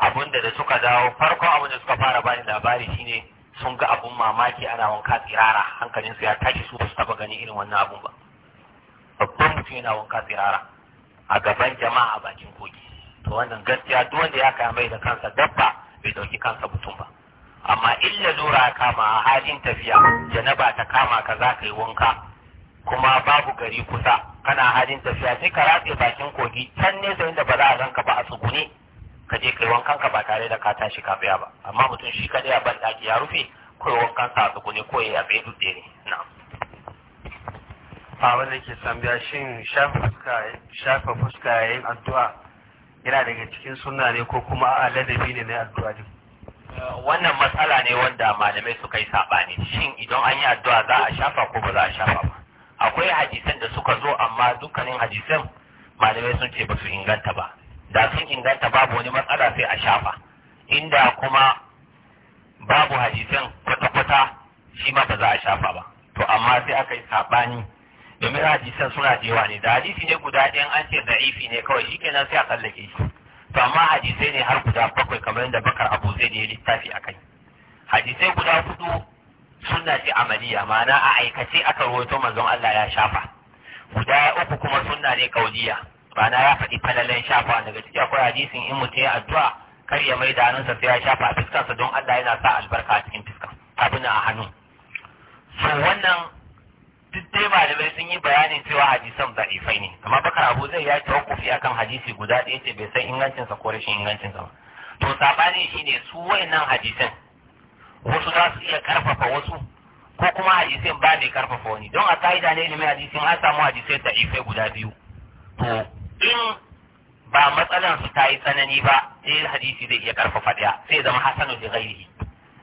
abun da suka dawo farko abun da suka fara bani labari shine sun ga abun mamaki ana wanka tsirara hankalinsu ya tashi su ba su taba gani irin wannan abun ba babban mutum yana wanka tsirara a gaban jama'a a bakin kogi to wannan gaskiya duk wanda ya kama mai da kansa dabba bai dauki kansa mutum ba amma illa lura kama a halin tafiya janaba ta kama ka za ka yi wanka kuma babu gari kusa kana halin tafiya sai ka ratse bakin kogi can nesa inda ba za a ganka ba a tsugune ka je kai wankan ka ba tare da ka tashi ka biya ba amma mutum shi kadai a ban daki ya rufe kai wankan sa a tsugune ko ya bai dutse ne na a wanda ke tambaya shin shafa fuska yayin addu'a yana daga cikin sunna ne ko kuma a ladabi ne na addu'a din wannan matsala ne wanda malamai suka yi saɓani shin idan an yi addu'a za a shafa ko ba za a shafa ba akwai hadisan da suka zo amma dukkanin hadisan malamai sun ce ba su inganta ba da sun inganta babu wani matsala sai a shafa inda kuma babu hadisan kwata-kwata shi ma ba za a shafa ba to amma sai aka yi saɓani domin hadisan suna da yawa ne da hadisi ne guda ɗayan an ce da'ifi ne kawai shi kenan sai a tsallake shi to amma hadisai ne har guda bakwai kamar yadda bakar abu zai ne littafi a kai hadisai guda hudu sunna ce amaliya ma'ana a aikace aka rawaito manzon Allah ya shafa guda uku kuma suna ne kauliya ma'ana ya faɗi falalan shafa daga cikin akwai hadisin in mutum ya addu'a kar ya mai da hannunsa sai ya shafa a sa don Allah yana sa albarka a cikin fiska abin a hannu so wannan duk dai malamai sun yi bayanin cewa hadisan da'ifai ne amma bakar abu zai ya tawakkufi akan hadisi guda ɗaya ce bai san ingancinsa ko rashin ingancinsa ba to sabani shine su wayannan hadisan wasu za su iya karfafa wasu ko kuma hadisin ba mai karfafa wani don a ka'ida ne ilimin hadisin an samu hadisai da ife guda biyu to in ba matsalan su ta yi tsanani ba sai hadisi zai iya karfafa daya sai zama hasanu da gairi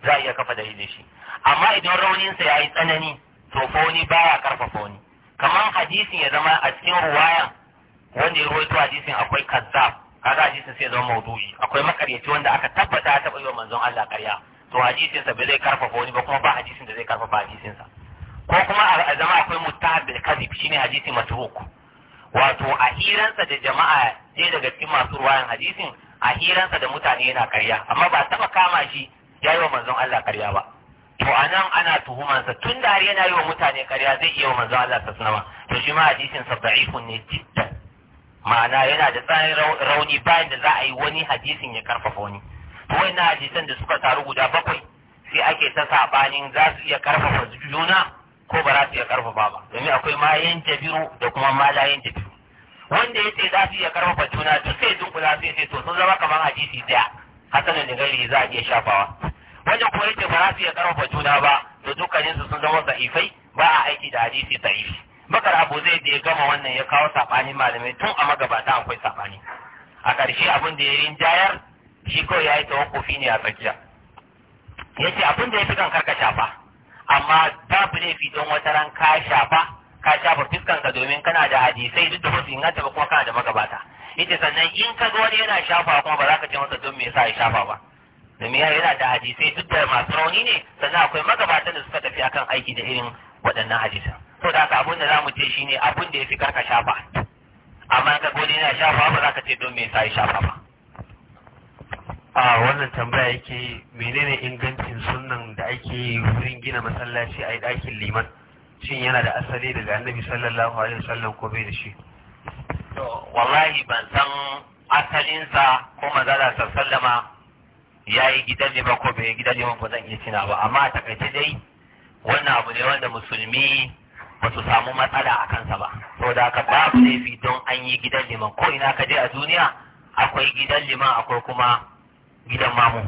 za a iya kafa da shi amma idan rauninsa ya yi tsanani to fa wani baya karfafa wani kamar hadisin ya zama a cikin ruwayan wanda ya ruwaito hadisin akwai kazzab kaza hadisin sai zama maudu'i akwai makaryaci wanda aka tabbata ta taɓa yi wa manzon Allah ƙarya to hadisinsa ba zai karfafa wani ba kuma ba hadisin da zai karfafa hadisinsa. ko kuma a zama akwai mutabil bil kadhib shine hadisi matruk wato a hiransa da jama'a sai daga cikin masu ruwayan hadisin a hiransa da mutane yana karya amma ba taba kama shi ya yi wa manzon Allah karya ba to anan ana tuhumansa tun da har yana yi wa mutane karya zai iya wa manzon Allah sunama to shi ma hadisin sa da'ifun ne jiddan ma'ana yana da tsarin rauni bayan da za a yi wani hadisin ya karfafa wani wai na hadisan da suka taru guda bakwai sai ake ta sabanin za su iya karfafa juna ko ba za su iya karfafa ba domin akwai ma yan jabiru da kuma ma la yan jabiru wanda yace za su iya karfafa juna duk sai dunkula sai sai to sun zama kamar hadisi daya hasanan da gari za a iya shafawa wanda kuma yace ba za su iya karfafa juna ba to dukkanin su sun zama za'ifai, ba a aiki da hadisi da'ifi bakar abu zai da ya gama wannan ya kawo sabani malamai tun a magabata akwai sabani a ƙarshe abin da ya rinjayar shi kawai ya yi tawakkufi ne a tsakiya ya ce abin da ya fi kar ka shafa amma babu laifi don wata ran ka shafa ka shafa ka domin kana da hadisai duk da wasu inganta ba kuma kana da magabata yace sannan in ka ga wani yana shafa kuma ba za ka ce masa don me yasa ya shafa ba domin ya yana da hadisai duk da masu rauni ne sannan akwai magabatan da suka tafi akan aiki da irin waɗannan hadisan to da haka abin da za mu ce shine abin da ya fi karka shafa amma ka ga wani yana shafa ba za ka ce don me yasa ya shafa ba a wannan tambaya yake menene ingancin sunan da ake yi wurin gina masallaci a ɗakin liman shin yana da asali daga annabi sallallahu alaihi wasallam ko bai da shi to wallahi ban san asalinsa ko manzala sallama ya yi gidan ne ba ko bai gidan ne ba zan iya tuna ba amma a takaice dai wannan abu ne wanda musulmi ba su samu matsala a kansa ba saboda haka babu laifi don an yi gidan liman ko ina ka je a duniya akwai gidan liman akwai kuma gidan mamu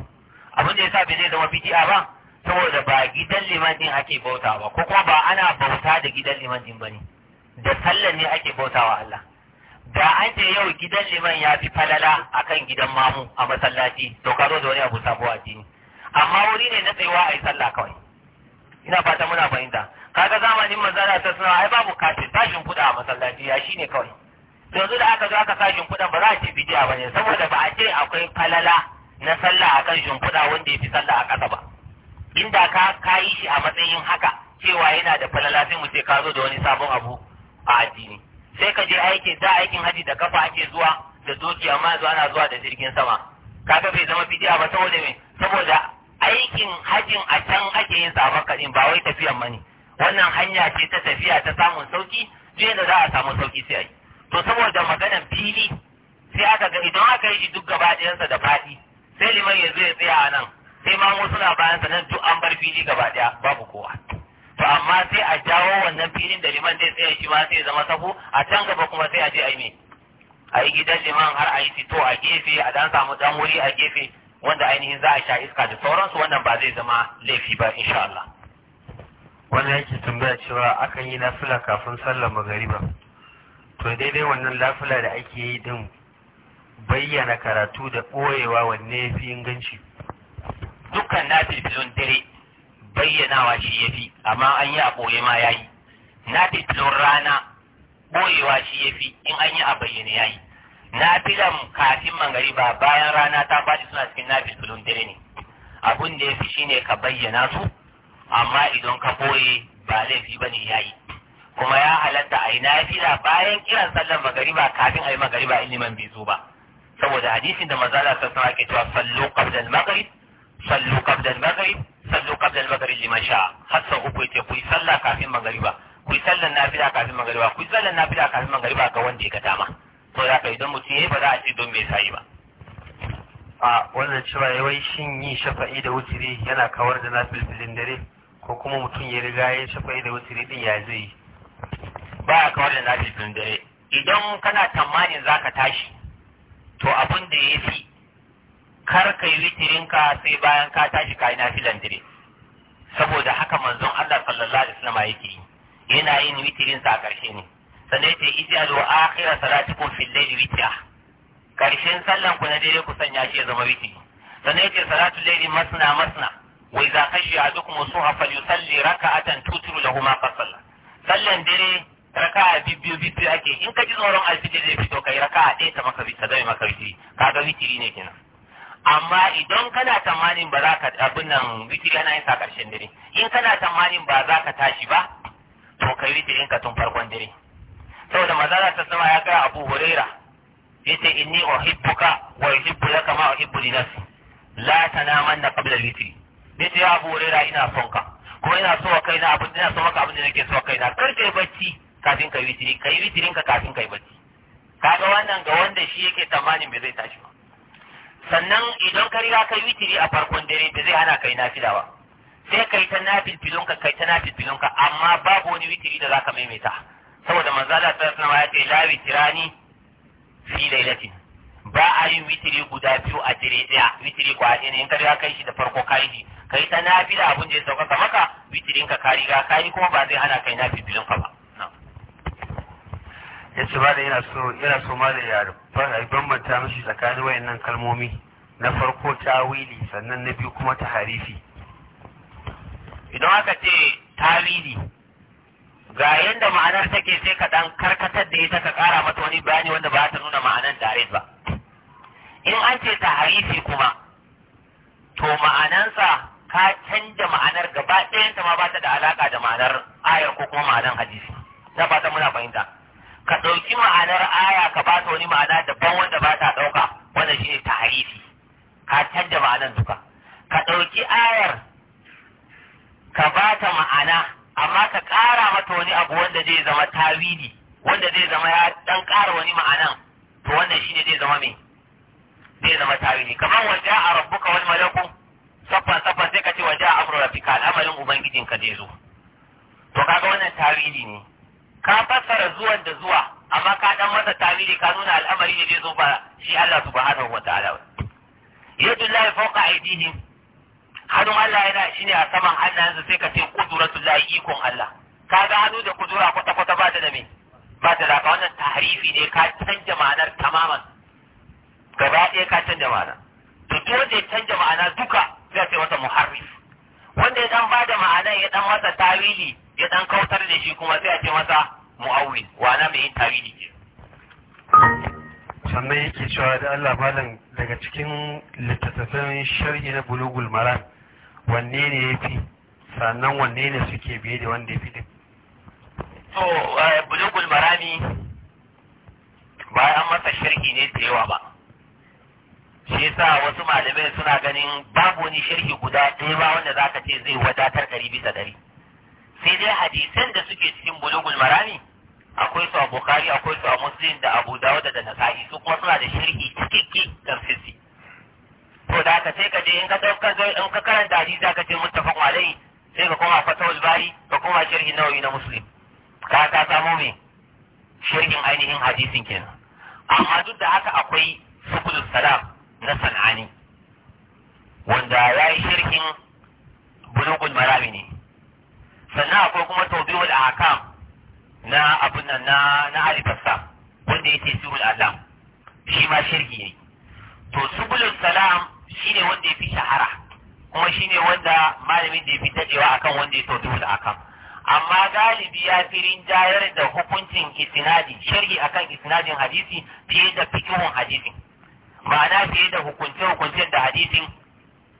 abin da ya sa bai zai zama bid'a ba saboda ba gidan liman din ake bauta ba ko kuma ba ana bauta da gidan liman din ne. da sallan ne ake bautawa Allah da an ce yau gidan liman ya fi falala akan gidan mamu a masallaci to ka zo da wani abu sabo a jini amma wuri ne na tsayuwa a yi sallah kawai ina fata muna fahimta kaga zamanin manzara ta suna ai babu kafin tashin kuɗa a masallaci ya shine kawai yanzu da aka zo aka kashin kuɗan ba za a ce bidiya ba ne saboda ba a ce akwai falala na sallah a kan shimfiɗa wanda ya fi sallah a ƙasa ba inda ka kayi shi a matsayin haka cewa yana da falala sai mu ce ka zo da wani sabon abu a addini sai ka je aiki da aikin haji da kafa ake zuwa da doki amma yanzu ana zuwa da jirgin sama Ka ga bai zama bidiya ba saboda me saboda aikin hajin a can ake yin sa kaɗin, ba wai tafiyan mani wannan hanya ce ta tafiya ta samun sauki duk da za a samu sauki sai a yi. to saboda maganan fili sai aka ga idan aka yi shi duk gaba ɗayansa da faɗi sai liman ya zai tsaya a nan sai ma wasu na bayan sa nan duk an bar fili gaba daya babu kowa to amma sai a jawo wannan filin da liman zai tsaya shi ma sai zama sabo a can gaba kuma sai a je a yi a yi gidan liman har a yi fito a gefe a dan samu dan wuri a gefe wanda ainihin za a sha iska da sauransu wannan ba zai zama laifi ba insha Allah wannan yake tambaya cewa akan yi nafila kafin sallar magariba to daidai wannan lafula da ake yi din bayyana karatu da ɓoyewa wanne fi inganci dukkan na dare bayyanawa shi ya fi amma an yi a ɓoye ma ya yi na rana ɓoyewa shi ya fi in an yi a bayyane ya yi na filan kafin mangariba bayan rana ta faɗi suna cikin na dare ne abin da ya fi shine ka bayyana su amma idan ka ɓoye ba laifi ba ne ya yi kuma ya halatta a yi na fila bayan kiran sallar magariba kafin a yi magariba ilimin bai zo ba saboda hadisin da maza da sassan ake ke cewa sallo kabdal al sallo kabdal qabla sallo kabdal sallu liman sha'a Hassan sau uku yace ku yi sallah kafin magariba ku yi sallan nafila kafin magariba ku yi sallan nafila kafin magariba ga wanda ya ga dama to da kai don mutum yayi ba za a ce don me sai ba a wannan cewa yawai shin yi shafa'i da wutiri yana kawar da nafilfilin dare ko kuma mutum ya riga ya shafa'i da wutiri din ya zai ba a kawar da nafilfilin dare idan kana tamanin zaka tashi to abin da ya fi kar ka yi witirinka sai bayan ka tashi ka yi nafilan dire saboda haka manzon Allah sallallahu alaihi wasallam yake yi yana yin witirin sa karshe ne sannan yace ijalu akhira salatikum fil layli witra karshen sallan ku na dare ku sanya shi ya zama witiri sannan yace salatul layli masna masna wa idza khashiya adukum suha falyusalli raka'atan tutru lahu ma qasalla sallan dare raka'a biyu biyu ake in ka ji tsoron alfijir zai fito kai raka'a ɗaya ta maka ta zai maka witiri ga witiri ne kenan amma idan kana tamanin ba za ka abin nan witiri ana yin sa ƙarshen dare in kana tamanin ba za ka tashi ba to kai witirin ka tun farkon dare saboda za ta zama ya gaya Abu Huraira ce inni uhibbuka wa hibbu laka ma o hibbu nafsi la ta qabla na witri witiri. ya ce Abu Huraira ina son ka kuma ina so kai na abin ina so maka abin da nake so kai na karfe bacci kafin ka yi witiri ka yi witirin ka kafin ka yi bacci kaga wannan ga wanda shi yake tsammanin bai zai tashi ba sannan idan ka riga ka yi witiri a farkon dare bai zai hana kai nafila ba sai kai ta nafil ka kai ta nafil ka amma babu wani witiri da zaka maimaita saboda manzo Allah sallallahu alaihi ya ce la witirani fi lailatin ba a yin witiri guda biyu a dare daya witiri kwa ne in ka riga kai shi da farko kai shi kai ta nafila abun da ya sauka maka witirin ka ka riga yi kuma ba zai hana kai nafil ka ba ya ce da yana so yana so malam ya bambanta mishi tsakanin wayannan kalmomi na farko tawili sannan na biyu kuma ta harifi idan aka ce tawili ga yadda ma'anar take sai ka dan karkatar da ita ka kara mata wani bayani wanda ba ta nuna ma'anar tare ba in an ce ta harifi kuma to ma'anansa ka canja ma'anar gaba ɗayanta ma ba ta da alaka da ma'anar ayar ko kuma ma'anar hadisi na ta muna fahimta ka ɗauki ma'anar aya ka ba ta wani ma'ana daban wanda ba ta ɗauka wanda shi ne ta harifi ka canja ma'anar duka ka ɗauki ayar ka ba ta ma'ana amma ka ƙara mata wani abu wanda zai zama tawili wanda zai zama ya ɗan ƙara wani ma'anan to wannan shi ne zai zama mai zai zama tawili kamar wajen a rabbuka wani malaku saffan saffan sai ka ce wajen a fi ka al'amarin ubangijinka zai zo to kaga wannan tawili ne ka fassara zuwan da zuwa amma ka dan masa tawili ka nuna al'amari ne zai zo ba shi Allah subhanahu wa ta'ala yadullahi fawqa aydihim hannun Allah yana shine a saman hannayensu, sai ka ce qudratullahi ikon Allah Ka ga hannu da kudura kwata kwata ba ta da me ba ta da wannan tahrifi ne ka canja ma'anar tamaman gaba ɗaya ka canja ma'ana to duk wanda ya canja ma'ana duka zai ce wata muharrif wanda ya dan bada ma'ana ya dan masa tawili ya dan kautar da shi kuma sai a ce masa mu'awwil wana mai yin tawili ke sannan yake cewa da Allah malam daga cikin littattafan sharhi na bulugul maram wanne ne ya fi sannan wanne ne suke biye da wanda ya fi din to eh, bulugul marami bayan masa sharhi ne da yawa ba shi yasa wasu malamai suna ganin babu wani sharhi guda ɗaya ba wanda zaka ce zai wadatar ɗari bisa ɗari sai dai hadisan da suke cikin bulugul marami akwai su a bukari akwai su a muslim da abu dawo da nasa'i su kuma suna da shirki cikakke kan sisi to da ka sai ka je in ka dauka zai in ka karanta hadisi ka ce muttafaq alai sai ka koma fatawul bari ka koma shirki nawawi na muslim ka ka samu me shirkin ainihin hadisin kenan amma duk da haka akwai sukul salam na ne. wanda ya yi shirkin bulugul marami ne sannan akwai kuma tawbiul ahkam na abun nan na na alifasa wanda yake sirul alam shi ma shirki ne to subulus salam shine wanda yafi shahara kuma shine wanda malamin da yafi dadewa akan wanda ya tawbiul ahkam amma galibi ya fi rinjayar da hukuncin isnadi a akan isnadin hadisi fiye da fikihun hadisin ma'ana fiye da hukunce-hukuncen da hadisin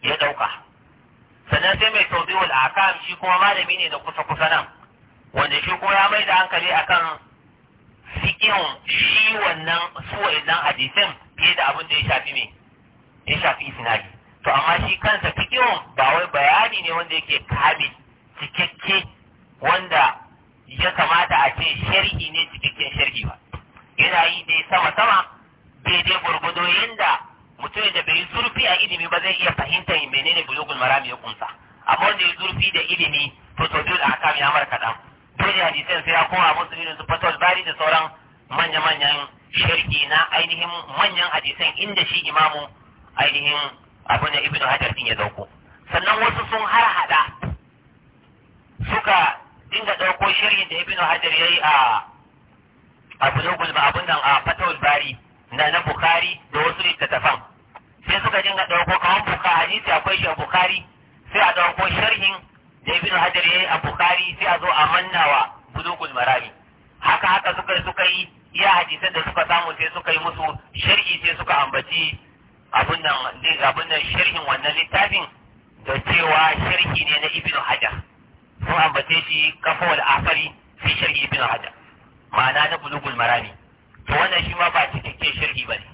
ya dauka sannan sai mai tawdiul akam shi kuma malami ne da kusa kusa nan wanda shi kuma ya mai da hankali akan fiqhun shi wannan suwa idan hadisin fiye da abin da ya shafi me ya shafi isnadi to amma shi kansa fiqhun ba wai bayani ne wanda yake kabi cikakke wanda ya kamata a ce sharhi ne cikakken sharhi ba yana yi dai sama sama daidai gurgudo yinda Mutum da bai yi zurfi a ilimi ba zai iya fahimtar menene bulugul marami ya kunsa amma wanda ya zurfi da ilimi to to dole aka ya mar kadan dole hadisan sai ya koma musu irin su fatawul bari da sauran manya-manyan sharhi na ainihin manyan hadisan inda shi imamu ainihin abu ne ibnu hajar din ya dauko sannan wasu sun har hada suka dinga dauko sharhin da ibnu hajar yayi a a bulugul ba abun nan a fatawul bari na na bukari da wasu littattafan sai suka dinga ɗauko kawan buka hadisi akwai shi a bukari sai a ɗauko sharhin da ibn hajar yi a bukari sai a zo a mannawa bulugul marami haka haka suka suka yi iya hadisan da suka samu sai suka yi musu sharhi sai suka ambaci abun nan sharhin wannan littafin da cewa sharhi ne na ibn hajar sun ambace shi kafawal afari fi sharhi ibn hajar ma'ana na bulugul marami to wannan shi ma ba cikakken sharhi ba ne.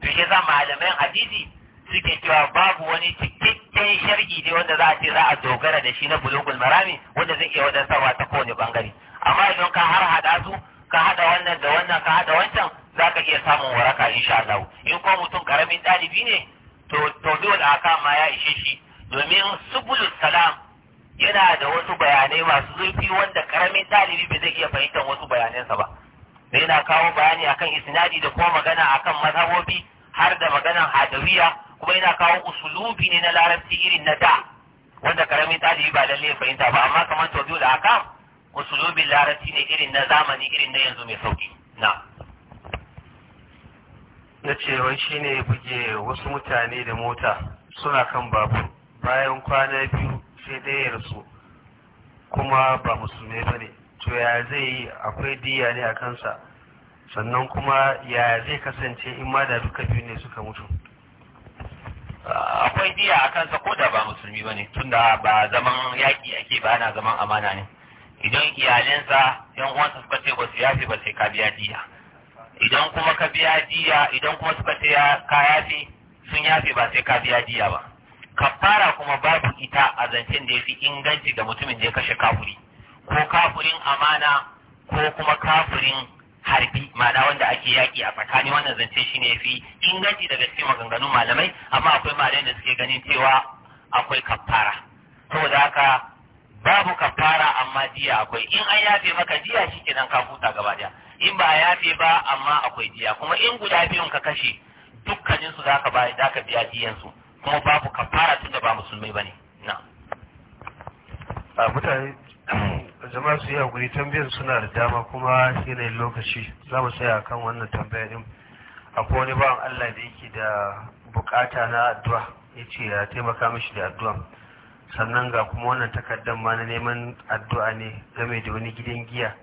to shi za malaman hadisi suke cewa babu wani cikakken shargi ne wanda za a ce za a dogara da shi na bulugul marami wanda zai iya wajen wadantarwa ta kowane bangare amma idan ka har hada su ka hada wannan da wannan ka hada wancan za ka iya samun waraka insha Allah in ko mutum karamin ɗalibi ne to to dole aka ma ya ishe shi domin subulus salam yana da wasu bayanai masu zurfi wanda karamin ɗalibi bai zai iya fahimtar wasu bayanansa ba da yana kawo bayani akan isnadi da kuma magana akan mazhabobi har da maganan hadawiya kuma yana kawo usulubi ne na larabci irin na da wanda karamin ɗalibi ba lalle fahimta ba amma kamar to da aka usulubi larabci ne irin na zamani irin na yanzu mai sauki na na cewa shi ne buge wasu mutane da mota suna kan babu bayan kwana biyu sai ɗaya ya rasu kuma ba musulmai ba ne to ya zai akwai diya ne a kansa sannan kuma ya zai kasance in ma da duka biyu ne suka mutu akwai diya a kansa ko da ba musulmi ba ne tun da ba zaman yaƙi ake ba ana zaman amana ne idan iyalinsa yan uwansa suka ce ba su yafi ba sai ka biya diya idan kuma ka biya diya idan kuma suka ce ka yafi sun yafi ba sai ka biya diya ba kafara kuma babu ita a zancen da ya fi inganci ga mutumin da ya kashe kafuri ko kafirin amana ko kuma kafirin harbi ma'ana wanda ake yaƙi a tsakani wannan zance shi ne fi inganci daga cikin maganganun malamai amma akwai malamai da suke ganin cewa akwai kafara saboda haka babu kafara amma jiya akwai in an yafe maka jiya shi kenan ka huta gaba daya in ba a yafe ba amma akwai jiya kuma in guda biyun ka kashe dukkanin su zaka ba zaka biya jiyan su kuma babu kafara tunda ba musulmai bane na mutane Zama su yi hakuri tambayar suna da dama kuma yanayin lokaci za mu tsaya kan wannan tambaya din akwai wani bawan Allah da yake da bukata na addu'a ya ce ya taimaka mishi da addu'a sannan ga kuma wannan takardar ma na neman addu'a ne game da wani gidan giya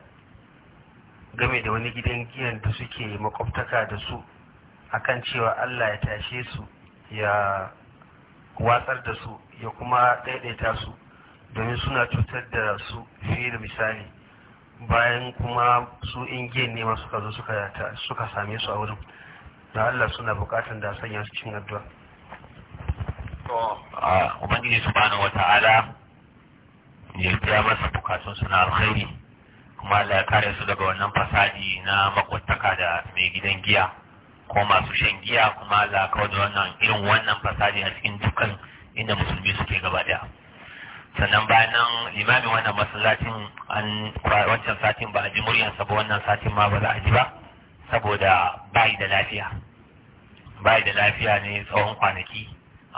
game da wani gidan giyan da suke makwabtaka da su akan cewa Allah ya tashe su ya watsar da su ya kuma daidaita su domin suna cutar da su fiye da misali bayan kuma su ingiyan ne masu kazo suka same su a wurin da Allah suna bukatan da sanya su cin addu'a to ubangiji subhanahu ta'ala ya biya masa bukatun suna alkhairi kuma Allah ya kare su daga wannan fasadi na makwataka da mai gidan giya ko masu shan giya kuma Allah ya kawo da wannan irin wannan fasadi a cikin dukkan inda musulmi suke gaba daya sannan bayan nan limamin wannan masallacin an wancan satin ba a ji muryansa ba wannan satin ma ba za a ji ba saboda bayi da lafiya bayi da lafiya ne tsawon kwanaki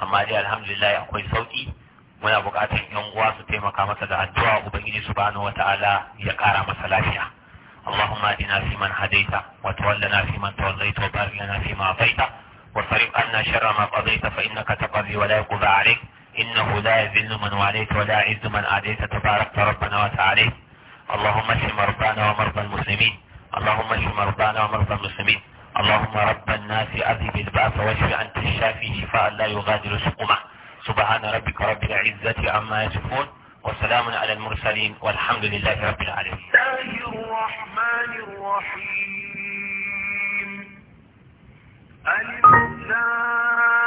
amma dai alhamdulillah akwai sauki muna buƙatar yan uwa su taimaka masa da addu'a ubangiji subhanahu wata'ala ya ƙara masa lafiya اللهم اهدنا فيمن هديت وتولنا فيمن توليت وبارك لنا فيما اعطيت وصرف عنا شر ما قضيت فانك تقضي ولا يقضى عليك إنه لا يذل من واليت ولا يعز من عاديت تبارك ربنا وتعالى اللهم اشف مرضانا ومرضى المسلمين اللهم اشف مرضانا ومرضى المسلمين اللهم رب الناس أذهب البأس واشف أنت الشافي شفاء لا يغادر سقما سبحان ربك رب العزة عما يصفون وسلام على المرسلين والحمد لله رب العالمين الله الرحمن الرحيم الإسلام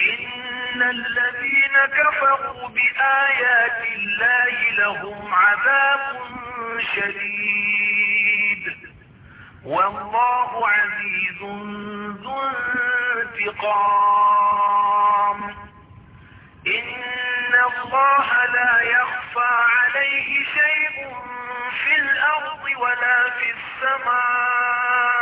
إن الذين كفروا بآيات الله لهم عذاب شديد والله عزيز ذو انتقام إن الله لا يخفى عليه شيء في الأرض ولا في السماء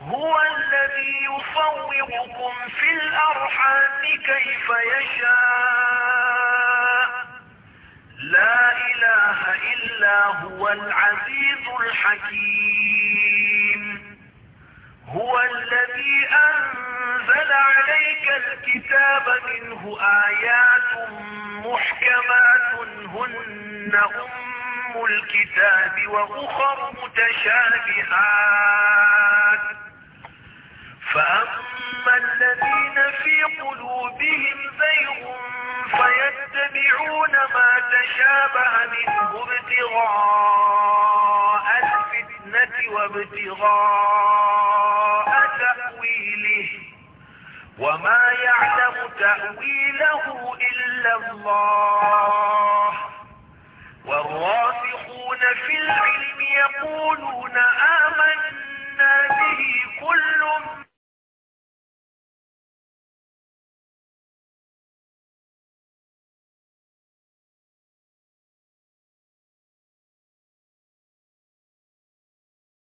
هو الذي يصوركم في الأرحام كيف يشاء لا إله إلا هو العزيز الحكيم هو الذي أنزل عليك الكتاب منه آيات محكمات هن أم الكتاب وأخر متشابهات فأما الذين في قلوبهم زيغ فيتبعون ما تشابه منه ابتغاء الفتنة وابتغاء تأويله وما يعلم تأويله إلا الله والرافقون في العلم يقولون آمنا به كل